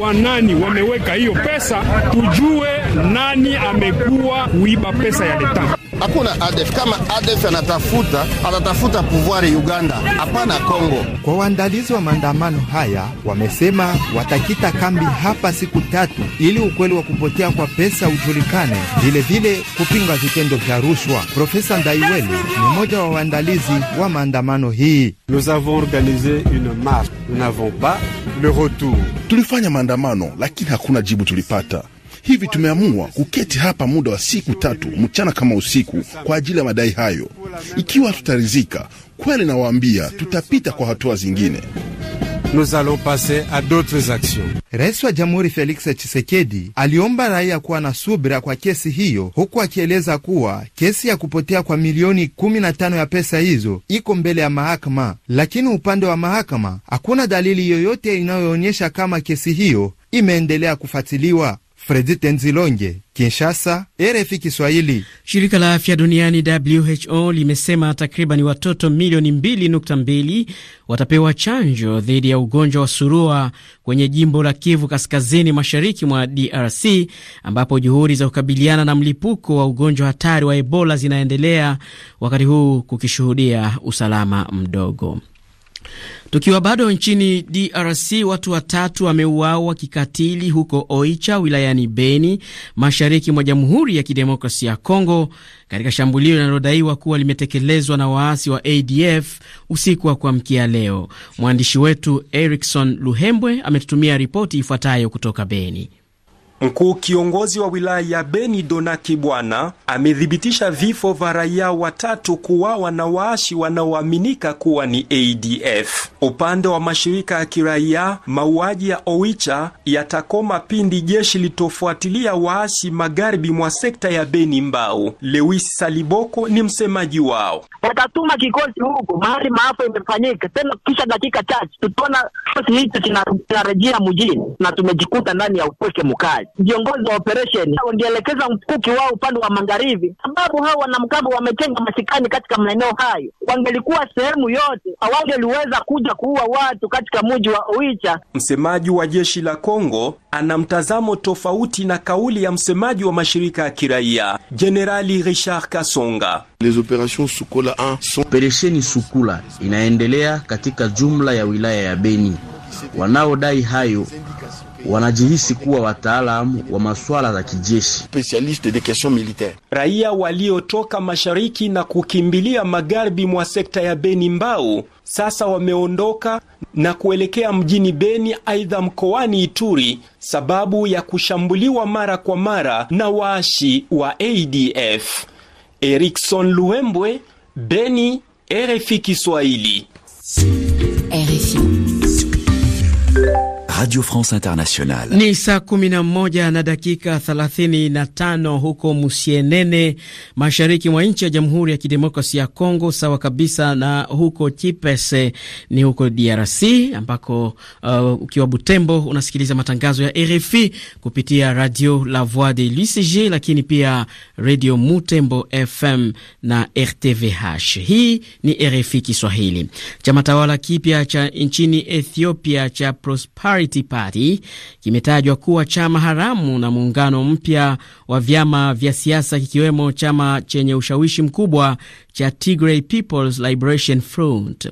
wanani wameweka hiyo pesa, tujue nani amekuwa kuiba pesa ya leta. Hakuna ADF. Kama ADF anatafuta anatafuta puvwari Uganda, hapana Kongo. Kwa waandalizi wa maandamano haya wamesema watakita kambi hapa siku tatu ili ukweli wa kupotea kwa pesa ujulikane, vilevile kupinga vitendo vya rushwa. Profesa Ndaiweli ni mmoja wa waandalizi wa maandamano hii. Nous avons organisé une marche. Nous n'avons pas le retour. Tulifanya maandamano lakini hakuna jibu tulipata Hivi tumeamua kuketi hapa muda wa siku tatu mchana kama usiku kwa ajili ya madai hayo. Ikiwa tutarizika kweli, nawaambia tutapita kwa hatua zingine. Rais wa Jamhuri Felix chisekedi aliomba raia kuwa na subira kwa kesi hiyo, huku akieleza kuwa kesi ya kupotea kwa milioni 15 ya pesa hizo iko mbele ya mahakama, lakini upande wa mahakama hakuna dalili yoyote inayoonyesha kama kesi hiyo imeendelea kufuatiliwa. Fredi Tenzilonge, Kinshasa, RFI Kiswahili. Shirika la afya duniani WHO limesema takriban watoto milioni 2.2 watapewa chanjo dhidi ya ugonjwa wa surua kwenye jimbo la Kivu kaskazini mashariki mwa DRC, ambapo juhudi za kukabiliana na mlipuko wa ugonjwa hatari wa Ebola zinaendelea, wakati huu kukishuhudia usalama mdogo. Tukiwa bado nchini DRC, watu watatu wameuawa kikatili huko Oicha wilayani Beni, mashariki mwa Jamhuri ya Kidemokrasia ya Kongo, katika shambulio linalodaiwa kuwa limetekelezwa na waasi wa ADF usiku wa kuamkia leo. Mwandishi wetu Erikson Luhembwe ametutumia ripoti ifuatayo kutoka Beni. Mkuu kiongozi wa wilaya ya Beni Donaki Bwana amethibitisha vifo vya raia watatu kuwawa na waashi wanaoaminika kuwa ni ADF. Upande wa mashirika ya kiraia, mauaji ya Owicha yatakoma pindi jeshi litofuatilia waashi magharibi mwa sekta ya Beni Mbau. Lewis Saliboko ni msemaji wao. Watatuma kikosi huko mahali maafa imefanyika, tena kisha dakika chache tutaona kikosi hicho kinarejea mjini na tumejikuta ndani ya upweke mkali viongozi wa operation wangeelekeza mkuki wao upande wa magharibi, sababu hao wanamgambo wametenga masikani katika maeneo hayo. Wangelikuwa sehemu yote, hawangeliweza kuja kuua watu katika mji wa Oicha. Msemaji wa jeshi la Kongo ana mtazamo tofauti na kauli ya msemaji wa mashirika ya kiraia Jenerali Richard Kasonga. Les operations Sukula 1 sont... operesheni Sukula inaendelea katika jumla ya wilaya ya Beni. Wanaodai hayo wanajihisi kuwa wataalamu wa masuala za kijeshi. Raia waliotoka mashariki na kukimbilia magharibi mwa sekta ya Beni Mbau sasa wameondoka na kuelekea mjini Beni, aidha mkoani Ituri, sababu ya kushambuliwa mara kwa mara na waashi wa ADF. Erikson Luembwe, Beni, RFI Kiswahili. RFI. Radio France Internationale. Ni saa kumi na dakika 35 huko Musienene, mashariki mwa nchi ya Jamhuri ya Kidemokrasia ya Kongo, sawa kabisa na huko Chipese ni huko DRC ambako, uh, ukiwa Butembo unasikiliza matangazo ya RFI kupitia Radio La Voix de l'UCG, lakini pia Radio Mutembo FM na RTVH. Hii ni RFI Kiswahili. Chama tawala kipya cha nchini Ethiopia cha Prosperity Solidarity Party kimetajwa kuwa chama haramu na muungano mpya wa vyama vya siasa kikiwemo chama chenye ushawishi mkubwa cha Tigray People's Liberation Front.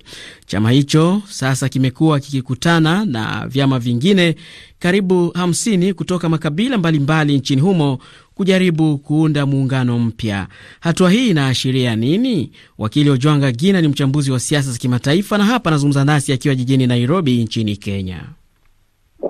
Chama hicho sasa kimekuwa kikikutana na vyama vingine karibu 50 kutoka makabila mbalimbali mbali nchini humo kujaribu kuunda muungano mpya. Hatua hii inaashiria nini? Wakili Ojwanga Gina ni mchambuzi wa siasa za kimataifa na hapa anazungumza nasi akiwa jijini Nairobi nchini Kenya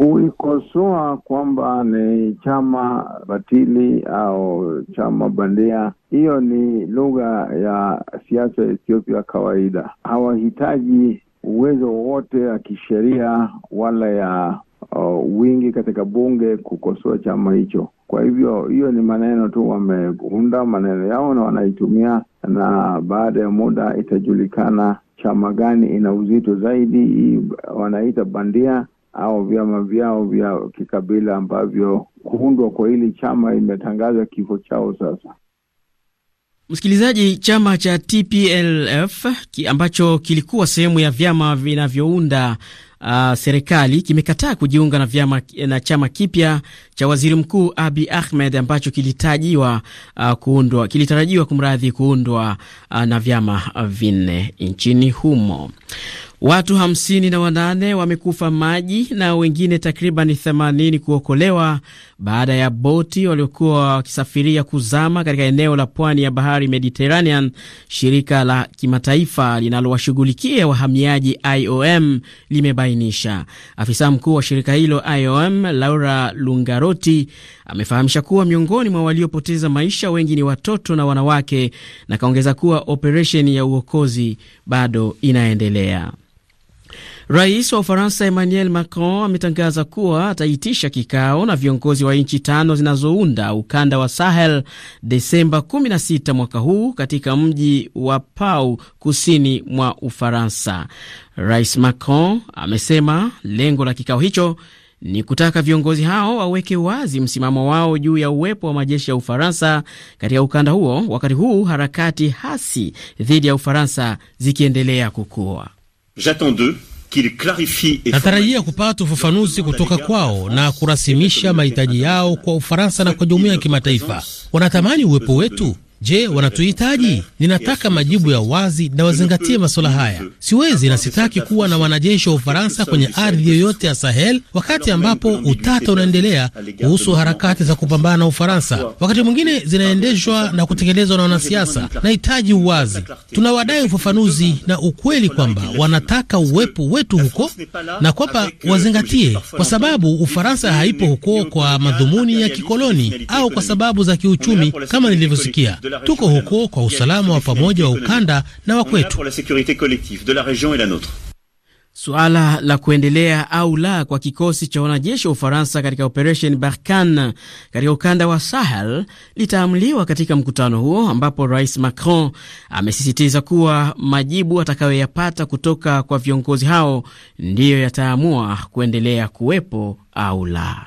kuikosoa kwamba ni chama batili au chama bandia, hiyo ni lugha ya siasa ya Ethiopia kawaida. Hawahitaji uwezo wowote wa kisheria wala ya uh, wingi katika bunge kukosoa chama hicho. Kwa hivyo hiyo ni maneno tu, wameunda maneno yao na wanaitumia, na baada ya muda itajulikana chama gani ina uzito zaidi, wanaita bandia au vyama vyao vya kikabila ambavyo kuundwa kwa hili chama imetangaza kifo chao sasa. Msikilizaji, chama cha TPLF ki ambacho kilikuwa sehemu ya vyama vinavyounda uh, serikali kimekataa kujiunga na vyama na chama kipya cha waziri mkuu Abi Ahmed ambacho kilitarajiwa uh, kuundwa kilitarajiwa kumradhi kuundwa uh, na vyama vinne nchini humo. Watu hamsini na wanane wamekufa maji na wengine takriban 80 kuokolewa baada ya boti waliokuwa wakisafiria kuzama katika eneo la pwani ya bahari Mediterranean. Shirika la kimataifa linalowashughulikia wahamiaji IOM limebainisha. Afisa mkuu wa shirika hilo IOM, Laura Lungaroti, amefahamisha kuwa miongoni mwa waliopoteza maisha wengi ni watoto na wanawake, na kaongeza kuwa operesheni ya uokozi bado inaendelea. Rais wa Ufaransa Emmanuel Macron ametangaza kuwa ataitisha kikao na viongozi wa nchi tano zinazounda ukanda wa Sahel Desemba 16 mwaka huu katika mji wa Pau kusini mwa Ufaransa. Rais Macron amesema lengo la kikao hicho ni kutaka viongozi hao waweke wazi msimamo wao juu ya uwepo wa majeshi ya Ufaransa katika ukanda huo, wakati huu harakati hasi dhidi ya Ufaransa zikiendelea kukua. Natarajia kupata ufafanuzi kutoka kwao na kurasimisha mahitaji yao kwa Ufaransa na kwa jumuiya ya kimataifa. Wanatamani uwepo wetu Je, wanatuhitaji? Ninataka majibu ya wazi na wazingatie masuala haya. Siwezi na sitaki kuwa na wanajeshi wa Ufaransa kwenye ardhi yoyote ya Sahel, wakati ambapo utata unaendelea kuhusu harakati za kupambana na Ufaransa, wakati mwingine zinaendeshwa na kutekelezwa na wanasiasa. Nahitaji uwazi. Tunawadai ufafanuzi na ukweli kwamba wanataka uwepo wetu huko na kwamba wazingatie, kwa sababu Ufaransa haipo huko kwa madhumuni ya kikoloni au kwa sababu za kiuchumi kama nilivyosikia. Tuko huku kwa usalama wa pamoja wa ukanda na wa kwetu. Suala la kuendelea au la kwa kikosi cha wanajeshi wa Ufaransa katika Operation Barkhane katika ukanda wa Sahel litaamuliwa katika mkutano huo, ambapo Rais Macron amesisitiza kuwa majibu atakayoyapata kutoka kwa viongozi hao ndiyo yataamua kuendelea kuwepo au la.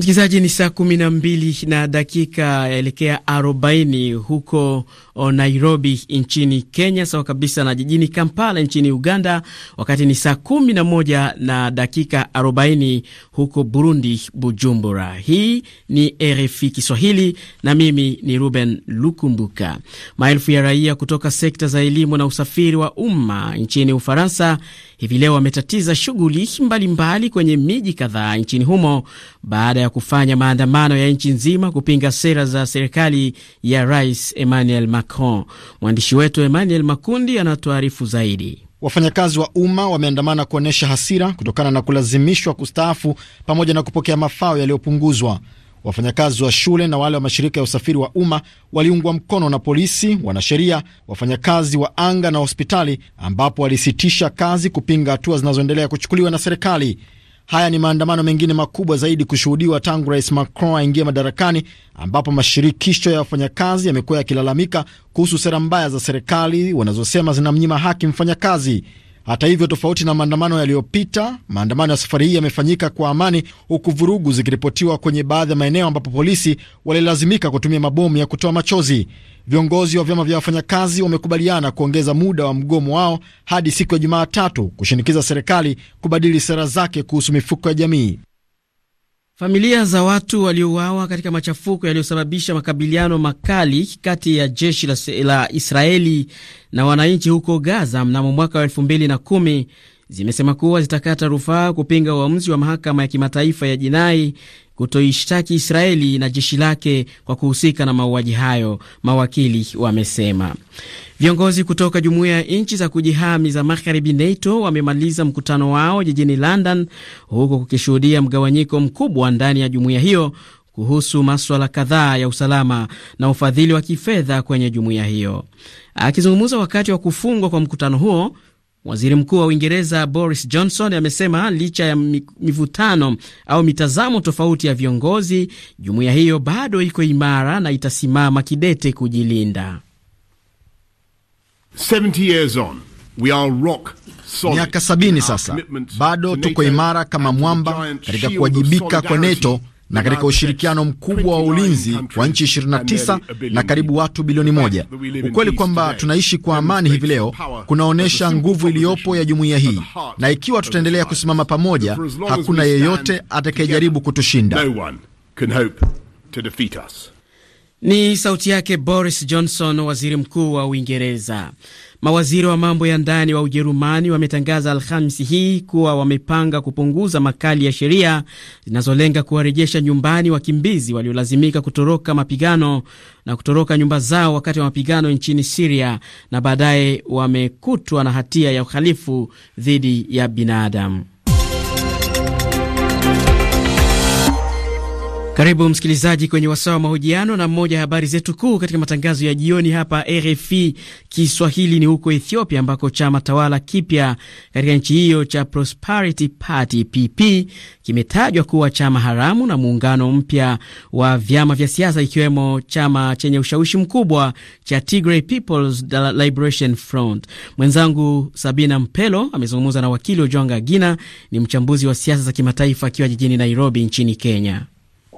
Msikilizaji, ni saa kumi na mbili na dakika yaelekea arobaini huko oh, Nairobi nchini Kenya, sawa kabisa na jijini Kampala nchini Uganda. Wakati ni saa kumi na moja na dakika arobaini huko Burundi, Bujumbura. Hii ni RFI Kiswahili na mimi ni Ruben Lukumbuka. Maelfu ya raia kutoka sekta za elimu na usafiri wa umma nchini Ufaransa hivi leo wametatiza shughuli mbalimbali kwenye miji kadhaa nchini humo baada ya kufanya maandamano ya nchi nzima kupinga sera za serikali ya Rais Emmanuel Macron. Mwandishi wetu Emmanuel Makundi anatuarifu zaidi. Wafanyakazi wa umma wameandamana kuonyesha hasira kutokana na kulazimishwa kustaafu pamoja na kupokea mafao yaliyopunguzwa. Wafanyakazi wa shule na wale wa mashirika ya usafiri wa umma waliungwa mkono na polisi, wanasheria, wafanyakazi wa anga na hospitali, ambapo walisitisha kazi kupinga hatua zinazoendelea kuchukuliwa na serikali. Haya ni maandamano mengine makubwa zaidi kushuhudiwa tangu Rais Macron aingie madarakani, ambapo mashirikisho ya wafanyakazi yamekuwa yakilalamika kuhusu sera mbaya za serikali wanazosema zinamnyima haki mfanyakazi. Hata hivyo, tofauti na maandamano yaliyopita, maandamano ya safari hii yamefanyika kwa amani, huku vurugu zikiripotiwa kwenye baadhi ya maeneo ambapo polisi walilazimika kutumia mabomu ya kutoa machozi. Viongozi wa vyama vya wafanyakazi wamekubaliana kuongeza muda wa mgomo wao hadi siku ya Jumatatu kushinikiza serikali kubadili sera zake kuhusu mifuko ya jamii. Familia za watu waliouawa katika machafuko yaliyosababisha makabiliano makali kati ya jeshi la, la Israeli na wananchi huko Gaza mnamo mwaka wa elfu mbili na kumi zimesema kuwa zitakata rufaa kupinga uamuzi wa mahakama ya kimataifa ya jinai kutoishtaki Israeli na jeshi lake kwa kuhusika na mauaji hayo, mawakili wamesema. Viongozi kutoka jumuiya ya nchi za kujihami za magharibi NATO wamemaliza mkutano wao jijini London, huku kukishuhudia mgawanyiko mkubwa ndani ya jumuiya hiyo kuhusu maswala kadhaa ya usalama na ufadhili wa kifedha kwenye jumuiya hiyo. Akizungumza wakati wa kufungwa kwa mkutano huo, Waziri Mkuu wa Uingereza Boris Johnson amesema licha ya mivutano au mitazamo tofauti ya viongozi, jumuiya hiyo bado iko imara na itasimama kidete kujilinda. miaka sabini sasa bado tuko imara kama mwamba katika kuwajibika kwa NATO na katika ushirikiano mkubwa wa ulinzi wa nchi 29 na karibu watu bilioni moja. Ukweli kwamba tunaishi kwa amani hivi leo kunaonyesha nguvu iliyopo ya jumuiya hii, na ikiwa tutaendelea kusimama pamoja, hakuna yeyote atakayejaribu kutushinda. Ni sauti yake Boris Johnson, waziri mkuu wa Uingereza. Mawaziri wa mambo ya ndani wa Ujerumani wametangaza Alhamisi hii kuwa wamepanga kupunguza makali ya sheria zinazolenga kuwarejesha nyumbani wakimbizi waliolazimika kutoroka mapigano na kutoroka nyumba zao wakati wa mapigano nchini Siria na baadaye wamekutwa na hatia ya uhalifu dhidi ya binadamu. Karibu msikilizaji kwenye wasaa wa mahojiano, na mmoja ya habari zetu kuu katika matangazo ya jioni hapa RFI Kiswahili ni huko Ethiopia ambako chama tawala kipya katika nchi hiyo cha Prosperity Party PP kimetajwa kuwa chama haramu na muungano mpya wa vyama vya siasa ikiwemo chama chenye ushawishi mkubwa cha Tigray People's Liberation Front. Mwenzangu Sabina Mpelo amezungumza na wakili Ojwanga Gina, ni mchambuzi wa siasa za kimataifa akiwa jijini Nairobi nchini Kenya.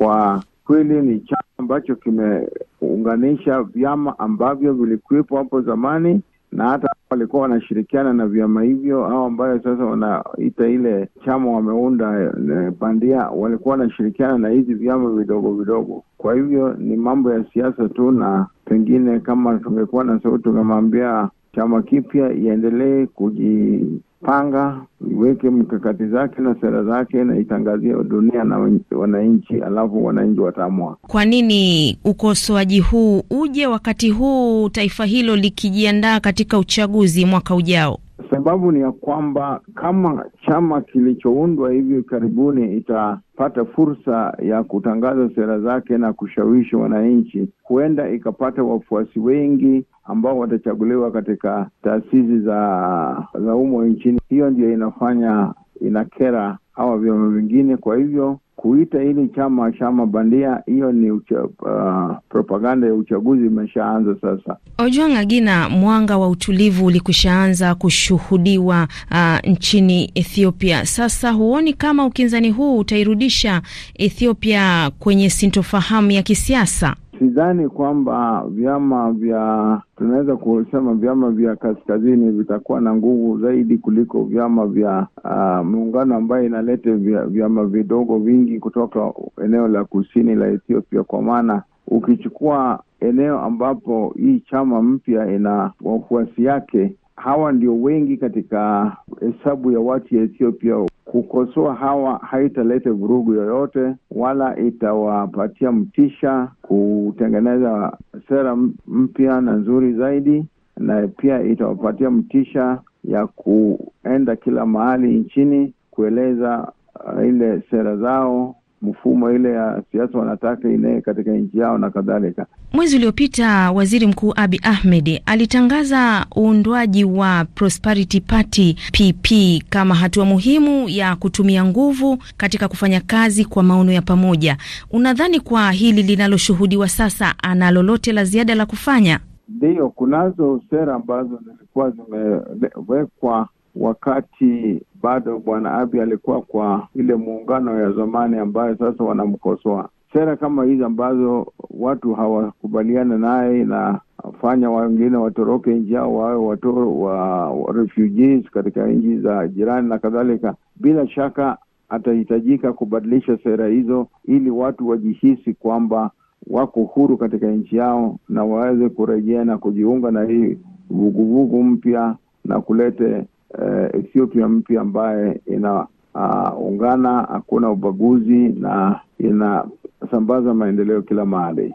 Kwa kweli ni chama ambacho kimeunganisha vyama ambavyo vilikuwepo hapo zamani na hata walikuwa wanashirikiana na vyama hivyo au ambayo sasa wanaita ile chama wameunda eh, bandia, walikuwa wanashirikiana na hizi vyama vidogo vidogo. Kwa hivyo ni mambo ya siasa tu, na pengine kama tungekuwa na sauti, tungemwambia chama kipya iendelee kuji panga iweke mkakati zake na sera zake na itangazie dunia na wananchi, alafu wananchi wataamua. Kwa nini ukosoaji huu uje wakati huu taifa hilo likijiandaa katika uchaguzi mwaka ujao? Sababu ni ya kwamba kama chama kilichoundwa hivi karibuni itapata fursa ya kutangaza sera zake na kushawishi wananchi, huenda ikapata wafuasi wengi ambao watachaguliwa katika taasisi za za umma nchini. Hiyo ndio inafanya inakera hawa vyama vingine. Kwa hivyo kuita hili chama chama bandia, hiyo ni ucha, uh, propaganda ya uchaguzi imeshaanza sasa. Ojwang Ngagina, mwanga wa utulivu ulikushaanza kushuhudiwa uh, nchini Ethiopia. Sasa huoni kama ukinzani huu utairudisha Ethiopia kwenye sintofahamu ya kisiasa? sidhani kwamba vyama vya tunaweza kusema vyama vya kaskazini vitakuwa na nguvu zaidi kuliko vyama vya uh, muungano ambayo inaleta vyama vidogo vingi kutoka eneo la kusini la Ethiopia, kwa maana ukichukua eneo ambapo hii chama mpya ina wafuasi yake hawa ndio wengi katika hesabu ya watu ya Ethiopia Kukosoa hawa haitaleta vurugu yoyote, wala itawapatia mtisha kutengeneza sera mpya na nzuri zaidi, na pia itawapatia mtisha ya kuenda kila mahali nchini kueleza uh, ile sera zao mfumo ile ya siasa wanataka inee katika nchi yao na kadhalika. Mwezi uliopita Waziri Mkuu Abi Ahmed alitangaza uundwaji wa Prosperity Party PP kama hatua muhimu ya kutumia nguvu katika kufanya kazi kwa maono ya pamoja. Unadhani kwa hili linaloshuhudiwa sasa, ana lolote la ziada la kufanya? Ndiyo, kunazo sera ambazo zilikuwa zimewekwa wakati bado bwana Abiy alikuwa kwa ile muungano ya zamani ambayo sasa wanamkosoa. Sera kama hizi ambazo watu hawakubaliana naye na fanya wengine watoroke nchi yao wawe wato wa refugees katika nchi za jirani na kadhalika. Bila shaka atahitajika kubadilisha sera hizo ili watu wajihisi kwamba wako huru katika nchi yao na waweze kurejea na kujiunga na hii vuguvugu mpya na kulete uh, Ethiopia mpya ambaye inaungana uh, hakuna ubaguzi na inasambaza maendeleo kila mahali.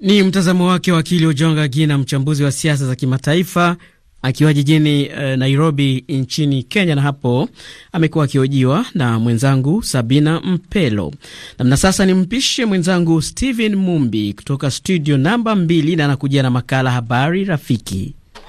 Ni mtazamo wake wakili Ojonga Gina, mchambuzi wa siasa za kimataifa akiwa jijini eh, Nairobi nchini Kenya, na hapo amekuwa akihojiwa na mwenzangu Sabina Mpelo. Namna sasa nimpishe mwenzangu Steven Mumbi kutoka studio namba mbili, na anakujia na makala Habari Rafiki.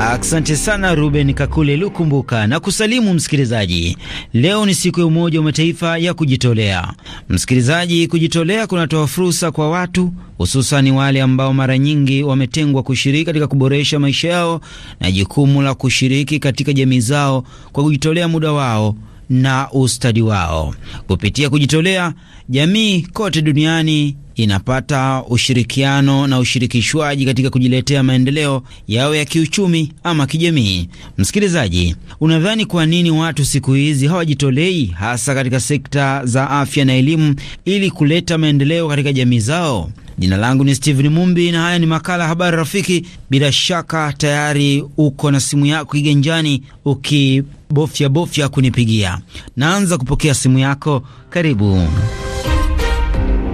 Asante sana Ruben Kakule Lukumbuka na kusalimu msikilizaji. Leo ni siku ya Umoja wa Mataifa ya kujitolea. Msikilizaji, kujitolea kunatoa fursa kwa watu, hususani wale ambao mara nyingi wametengwa, kushiriki katika kuboresha maisha yao na jukumu la kushiriki katika jamii zao kwa kujitolea muda wao na ustadi wao. Kupitia kujitolea, jamii kote duniani inapata ushirikiano na ushirikishwaji katika kujiletea maendeleo yao ya kiuchumi ama kijamii. Msikilizaji, unadhani kwa nini watu siku hizi hawajitolei hasa katika sekta za afya na elimu ili kuleta maendeleo katika jamii zao? Jina langu ni Steven Mumbi na haya ni makala ya habari rafiki. Bila shaka tayari uko na simu yako kiganjani, ukibofya bofya kunipigia. Naanza kupokea simu yako, karibu.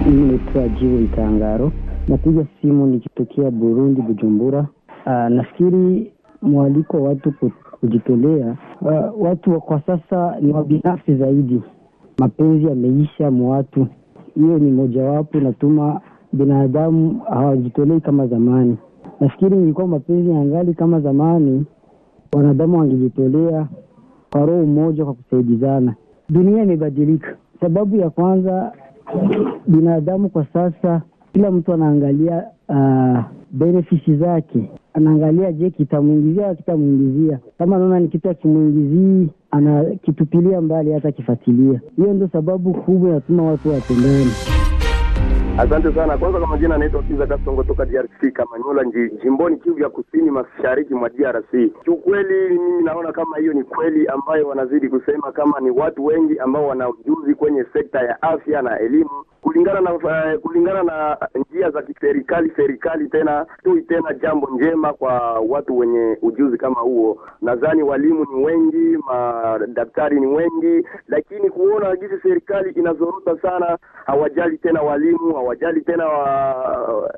Mimi naitwa Jibu Itangaro, napiga simu nikitokea Burundi, Bujumbura. Aa, ah, nafikiri mwaliko watu kujitolea, watu kwa sasa ni wabinafsi zaidi, mapenzi yameisha mwatu. Hiyo ni mojawapo natuma binadamu hawajitolei kama zamani. Nafikiri ingekuwa mapenzi yangali kama zamani, wanadamu wangejitolea kwa roho mmoja, kwa kusaidizana. Dunia imebadilika. Sababu ya kwanza, binadamu kwa sasa kila mtu anaangalia uh, benefisi zake, anaangalia je, kitamwingizia au kitamwingizia. Kama anaona ni kitu akimwingizii, anakitupilia mbali, hata akifuatilia. Hiyo ndio sababu kubwa inatuma watu watendani Asante sana. Kwanza kwa majina anaitwa Kiza Kasongo toka DRC Kamanyola, jimboni Kivu ya Kusini, mashariki mwa DRC. Kiukweli mimi naona kama hiyo ni kweli ambayo wanazidi kusema kama ni watu wengi ambao wana ujuzi kwenye sekta ya afya na elimu kulingana na uh, kulingana na njia za kiserikali serikali tena tui tena jambo njema kwa watu wenye ujuzi kama huo. Nadhani walimu ni wengi, madaktari ni wengi, lakini kuona jinsi serikali inazorota sana, hawajali tena walimu, hawajali tena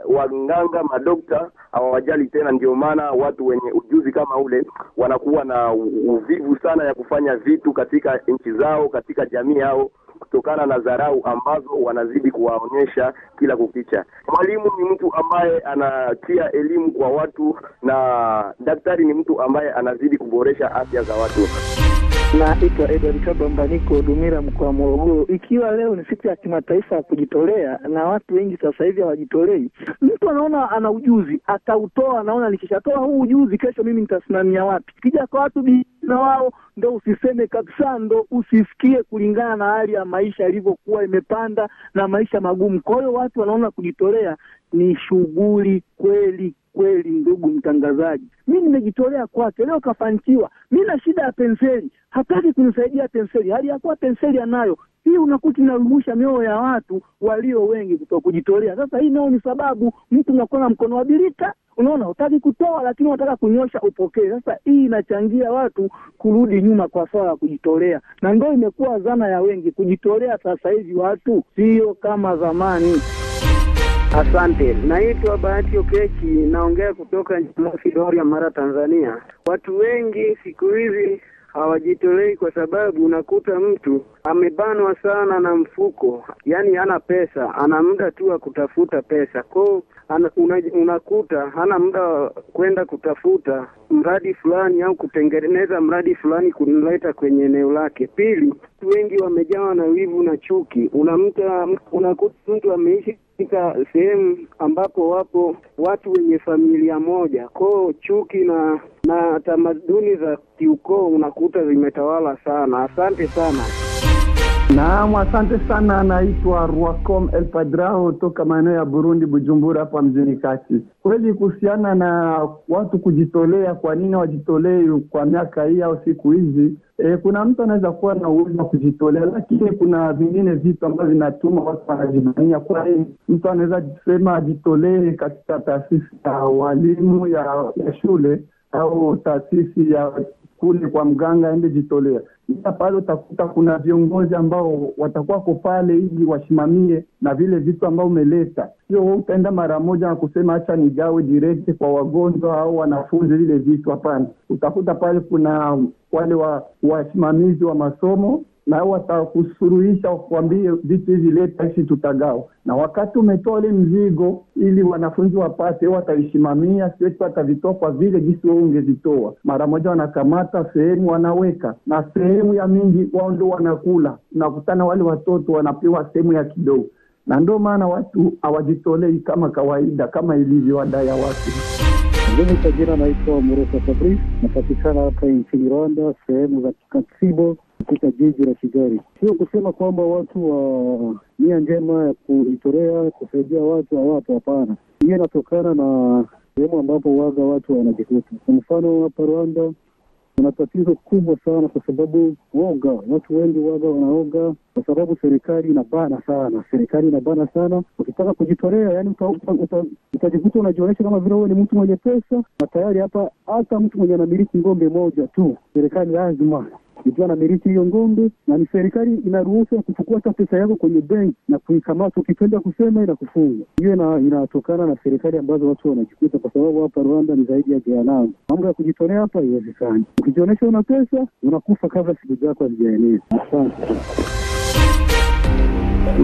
waganga, wa madokta hawajali tena. Ndio maana watu wenye ujuzi kama ule wanakuwa na uvivu sana ya kufanya vitu katika nchi zao, katika jamii yao kutokana na dharau ambazo wanazidi kuwaonyesha kila kukicha. Mwalimu ni mtu ambaye anatia elimu kwa watu na daktari ni mtu ambaye anazidi kuboresha afya za watu. Naitwa Edward Kabamba, niko Dumira, mkoa wa Morogoro. Ikiwa leo ni siku ya kimataifa ya kujitolea, na watu wengi sasa hivi hawajitolei. Mtu anaona ana ujuzi atautoa, anaona nikishatoa huu ujuzi, kesho mimi nitasimamia wapi? Kija kwa watu na wao ndo usiseme kabisa, ndo usisikie, kulingana na hali ya maisha ilivyokuwa imepanda na maisha magumu. Kwa hiyo watu wanaona kujitolea ni shughuli kweli kweli, ndugu mtangazaji, mi nimejitolea kwake, leo kafanikiwa. Mi na shida ya penseli, hataki kunisaidia penseli, hali yakuwa penseli anayo. Hii unakuta inarumusha mioyo ya watu walio wengi kuto kujitolea. Sasa hii nao ni sababu mtu unakuwa na mkono wa birika, unaona, hutaki kutoa, lakini unataka kunyosha upokee. Sasa hii inachangia watu kurudi nyuma kwa swala ya kujitolea, na ndio imekuwa zana ya wengi. Kujitolea sasa hivi watu sio kama zamani. Asante, naitwa Bahati Okechi, naongea kutoka Nyamwasi, Mara, Tanzania. Watu wengi siku hizi hawajitolei kwa sababu unakuta mtu amebanwa sana na mfuko, yaani hana pesa, ana muda tu wa kutafuta pesa. Kwa una, unakuta hana muda wa kwenda kutafuta mradi fulani au kutengeneza mradi fulani kunileta kwenye eneo lake. Pili, watu wengi wamejawa na wivu na chuki, unamta unakuta mtu ameishi katika sehemu ambapo wapo watu wenye familia moja koo, chuki na na tamaduni za kiukoo unakuta zimetawala sana. Asante sana. Naam, asante sana. Anaitwa Ruacom El Padrao toka maeneo ya Burundi, Bujumbura hapa mjini kati. Kweli kuhusiana na watu kujitolea, kwa nini wajitolee kwa miaka hii au siku hizi? E, kuna mtu anaweza kuwa na uwezo wa kujitolea, lakini kuna vingine vitu ambavyo vinatuma watu wanajibania. Kwa hiyo mtu anaweza sema ajitolee katika taasisi ya walimu ya, ya shule au taasisi ya kule kwa mganga, aende jitolea ila pale utakuta kuna viongozi ambao watakuwako pale ili wasimamie na vile vitu ambao umeleta, sio utaenda mara moja na kusema hacha nigawe direct kwa wagonjwa au wanafunzi vile vitu. Hapana, utakuta pale kuna wale wa wasimamizi wa masomo na watakusuruhisha wakuambie vitu hivi, leta hivi tutagawa. Na wakati umetoa ule mzigo ili wanafunzi wapate, watavisimamia siwetu, watavitoa kwa vile jisi wewe ungevitoa mara moja. Wanakamata sehemu wanaweka, na sehemu ya mingi wao ndio wanakula. Unakutana wale watoto wanapewa sehemu ya kidogo, na ndio maana watu hawajitolei kama kawaida, kama ilivyo ada ya watu mimi kwa jina naitwa Muresa napatikana hapa nchini Rwanda, sehemu za kikatibo katika jiji la Kigali. Sio kusema kwamba watu wa nia njema ya kujitolea kusaidia watu hawapo, hapana. Hiyo inatokana na sehemu ambapo waga watu wanajikuta. Kwa mfano hapa Rwanda kuna tatizo kubwa sana, kwa sababu woga, watu wengi waga wanaoga kwa sababu serikali inabana sana, serikali inabana sana. Ukitaka kujitolea, yani utajikuta unajionyesha kama vile wewe ni mtu mwenye pesa, na tayari hapa hata mtu mwenye anamiliki ng'ombe moja tu, serikali lazima ikiwa na miliki hiyo ng'ombe, na ni serikali inaruhusu kuchukua hata pesa yako kwenye benki na kuikamata, ukipenda kusema inakufunga. Hiyo inatokana na serikali ambazo watu wanajikuta, kwa sababu hapa Rwanda ni zaidi ya jehanamu. Mambo ya kujitolea hapa haiwezekani. Ukijionyesha una pesa, unakufa kabla siku zako hazijaenea. Asante.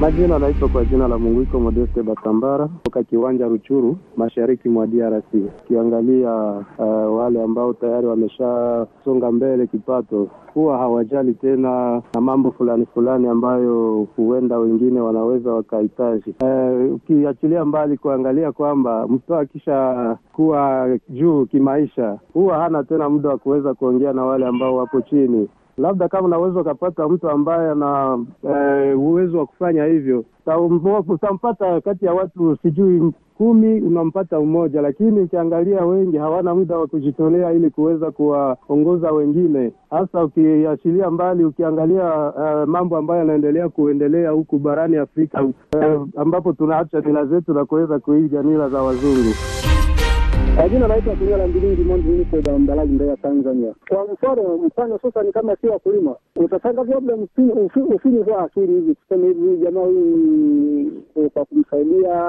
Majina naitwa kwa jina la Munguiko Modeste Batambara kutoka kiwanja Ruchuru, mashariki mwa DRC. Ukiangalia uh, wale ambao tayari wameshasonga mbele kipato, huwa hawajali tena na mambo fulani fulani ambayo huenda wengine wanaweza wakahitaji. Eh, ukiachilia uh, mbali kuangalia kwamba mtu akisha kuwa juu kimaisha, huwa hana tena muda wa kuweza kuongea na wale ambao wapo chini labda kama unaweza ukapata mtu ambaye ana eh, uwezo wa kufanya hivyo, utampata kati ya watu sijui kumi unampata mmoja, lakini ukiangalia wengi hawana muda wa kujitolea ili kuweza kuwaongoza wengine, hasa ukiachilia mbali, ukiangalia uh, mambo ambayo yanaendelea kuendelea huku barani Afrika uh, ambapo tunaacha mila zetu na kuweza kuiga mila za wazungu. Kwa jina naitwa Kunia la Mbilingi Mondi, nipo Dar Mbeya, Tanzania. Kwa mfano mfano sasa ni kama sio wakulima, utasanga labda ufinyu kwa akili hivi, tuseme hivi, jamaa huyu kwa kumsaidia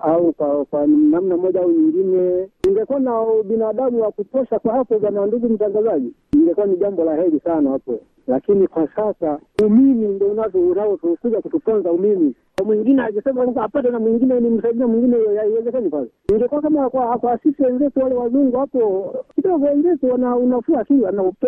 au kwa namna moja au nyingine, ingekuwa na binadamu wa kutosha kwa hapo bana, ndugu mtangazaji, ingekuwa ni jambo la heri sana hapo, lakini kwa sasa umimi ndio unao unaokuja kutuponza umimi mwingine ajasema sasa apate na mwingine ni msaidia mwingine, haiwezekani. Kwanza ingekuwa kama kwa kwa sisi wenzetu wale wazungu hapo kidogo, wenzetu wana unafua si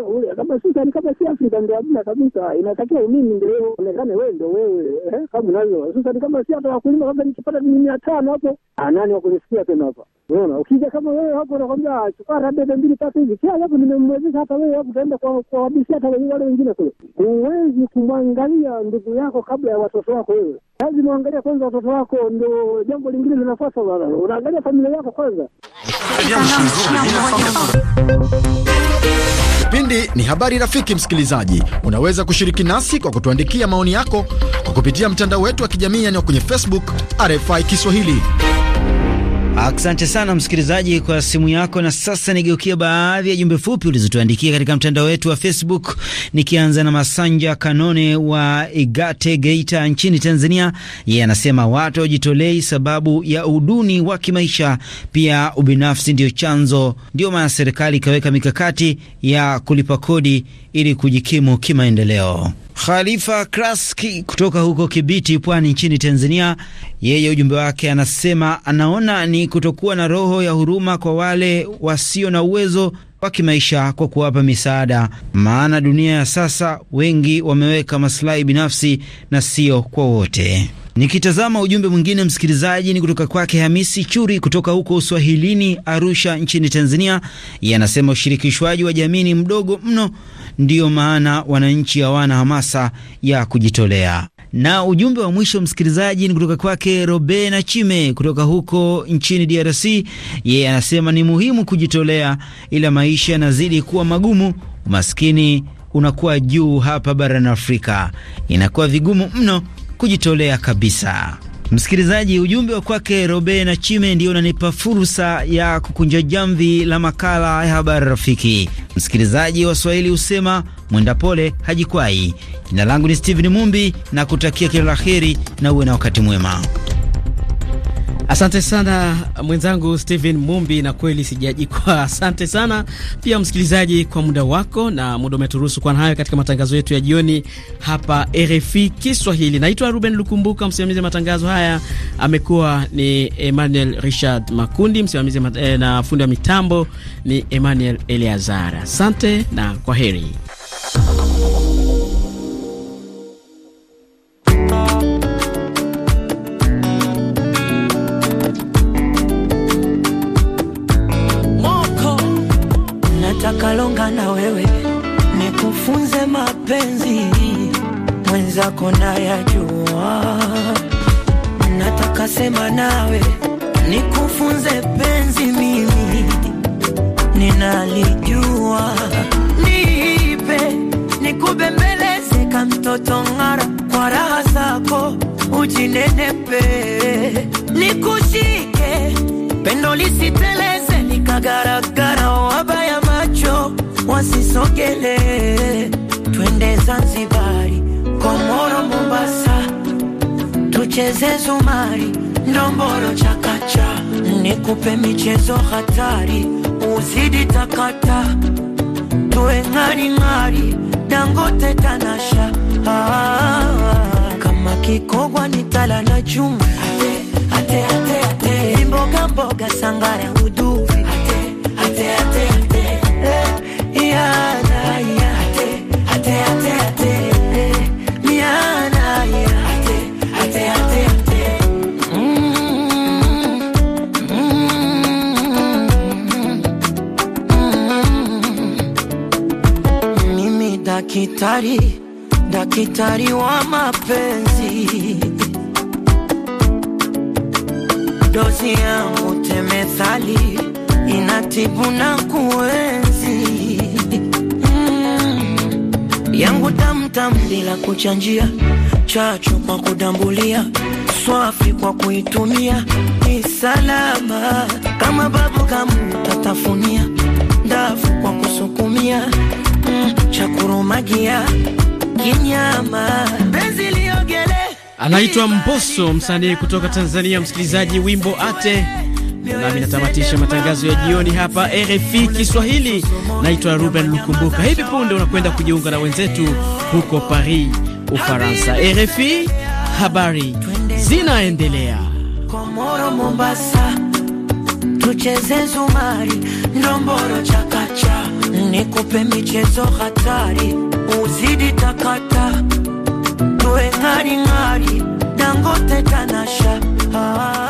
ule, kama sisi ni kama si Afrika ndo hamna kabisa, inatakiwa umimi ndo wewe onekane wewe ndo wewe eh, kama unavyo sasa ni kama si hata wakulima, kama nikipata mia tano hapo anani ah, wakunisikia tena hapa Unaona, ukija kama wewe hapo unakwambia ah, chukua hata bebe mbili tatu hivi, si hapo nimemwezesha hata wewe hapo, utaenda kuwabishia hata wale wengine kule. Huwezi kumwangalia ndugu yako kabla ya watoto wako wewe, lazima uangalia kwanza watoto wako, ndio jambo lingine linafuata. Bana, unaangalia familia yako kwanza. Kipindi ni habari. Rafiki msikilizaji, unaweza kushiriki nasi kwa kutuandikia maoni yako kwa kupitia mtandao wetu wa kijamii, yani kwenye Facebook RFI Kiswahili. Asante sana msikilizaji kwa simu yako, na sasa nigeukia baadhi ya jumbe fupi ulizotuandikia katika mtandao wetu wa Facebook, nikianza na Masanja Kanone wa Igate, Geita nchini Tanzania. Yeye anasema watu wajitolei sababu ya uduni wa kimaisha, pia ubinafsi ndio chanzo, ndio maana serikali ikaweka mikakati ya kulipa kodi ili kujikimu kimaendeleo. Khalifa Kraski kutoka huko Kibiti, Pwani nchini Tanzania, yeye ujumbe wake anasema anaona ni kutokuwa na roho ya huruma kwa wale wasio na uwezo wa kimaisha kwa kuwapa misaada, maana dunia ya sasa wengi wameweka masilahi binafsi na sio kwa wote. Nikitazama ujumbe mwingine msikilizaji, ni kutoka kwake Hamisi Churi kutoka huko Uswahilini, Arusha nchini Tanzania. Yanasema ushirikishwaji wa jamii ni mdogo mno, ndiyo maana wananchi hawana hamasa ya kujitolea. Na ujumbe wa mwisho msikilizaji, ni kutoka kwake Robe na Chime kutoka huko nchini DRC. Yeye anasema ni muhimu kujitolea, ila maisha yanazidi kuwa magumu, umaskini unakuwa juu hapa barani Afrika, inakuwa vigumu mno kujitolea kabisa. Msikilizaji, ujumbe wa kwake Robe na Chime ndio unanipa fursa ya kukunja jamvi la makala ya habari rafiki. Msikilizaji, Waswahili husema mwenda pole hajikwai. Jina langu ni Steven Mumbi na kutakia kila la heri na uwe na wakati mwema. Asante sana mwenzangu Steven Mumbi, na kweli sijajikwa. Asante sana pia msikilizaji kwa muda wako, na muda umeturuhusu kwa hayo katika matangazo yetu ya jioni hapa RFI Kiswahili. Naitwa Ruben Lukumbuka, msimamizi wa matangazo haya amekuwa ni Emmanuel Richard Makundi, msimamizi eh, na fundi wa mitambo ni Emmanuel eleazar Asante na kwa heri. mapenzi mwenzako nayajua, nataka sema nawe nikufunze penzi, mimi ninalijua, niipe nikubembeleze, mtoto ng'ara, kwa raha zako ujinenepe, nikushike pendo lisiteleze, likagaragara, wabaya macho wasisogele twende Zanzibari, Komoro, Mombasa, tucheze zumari, ndomboro, chakacha, nikupe michezo hatari, uzidi takata, tuwe ng'ari ng'ari, Dangote, Tanasha, ah, kama kikogwa nitala na chuma ate, ate, ate, ate, mboga mboga, sangara, uduvi, ate, ate, ate, ate, eh, yeah. Daktari, daktari wa mapenzi, dozi yangu temethali inatibu na kuenzi mm. yangu tamtam bila kuchanjia, chachu kwa kudambulia, swafi kwa kuitumia, ni salama kama babu kamu tatafunia, ndafu kwa kusukumia cha kurumagia kinyama anaitwa Mposo, msanii kutoka Tanzania. Msikilizaji, wimbo ate nami natamatisha matangazo ya jioni hapa RFI Kiswahili. Naitwa Ruben Lukumbuka. Hivi punde unakwenda kujiunga na wenzetu huko Paris, Ufaransa. RFI habari zinaendelea. Komoro, Mombasa, tucheze zumari, ndomboro, chakacha nikupe michezo hatari, uzidi takata, tuwe ng'ari ng'ari, Dangote tanasha ah.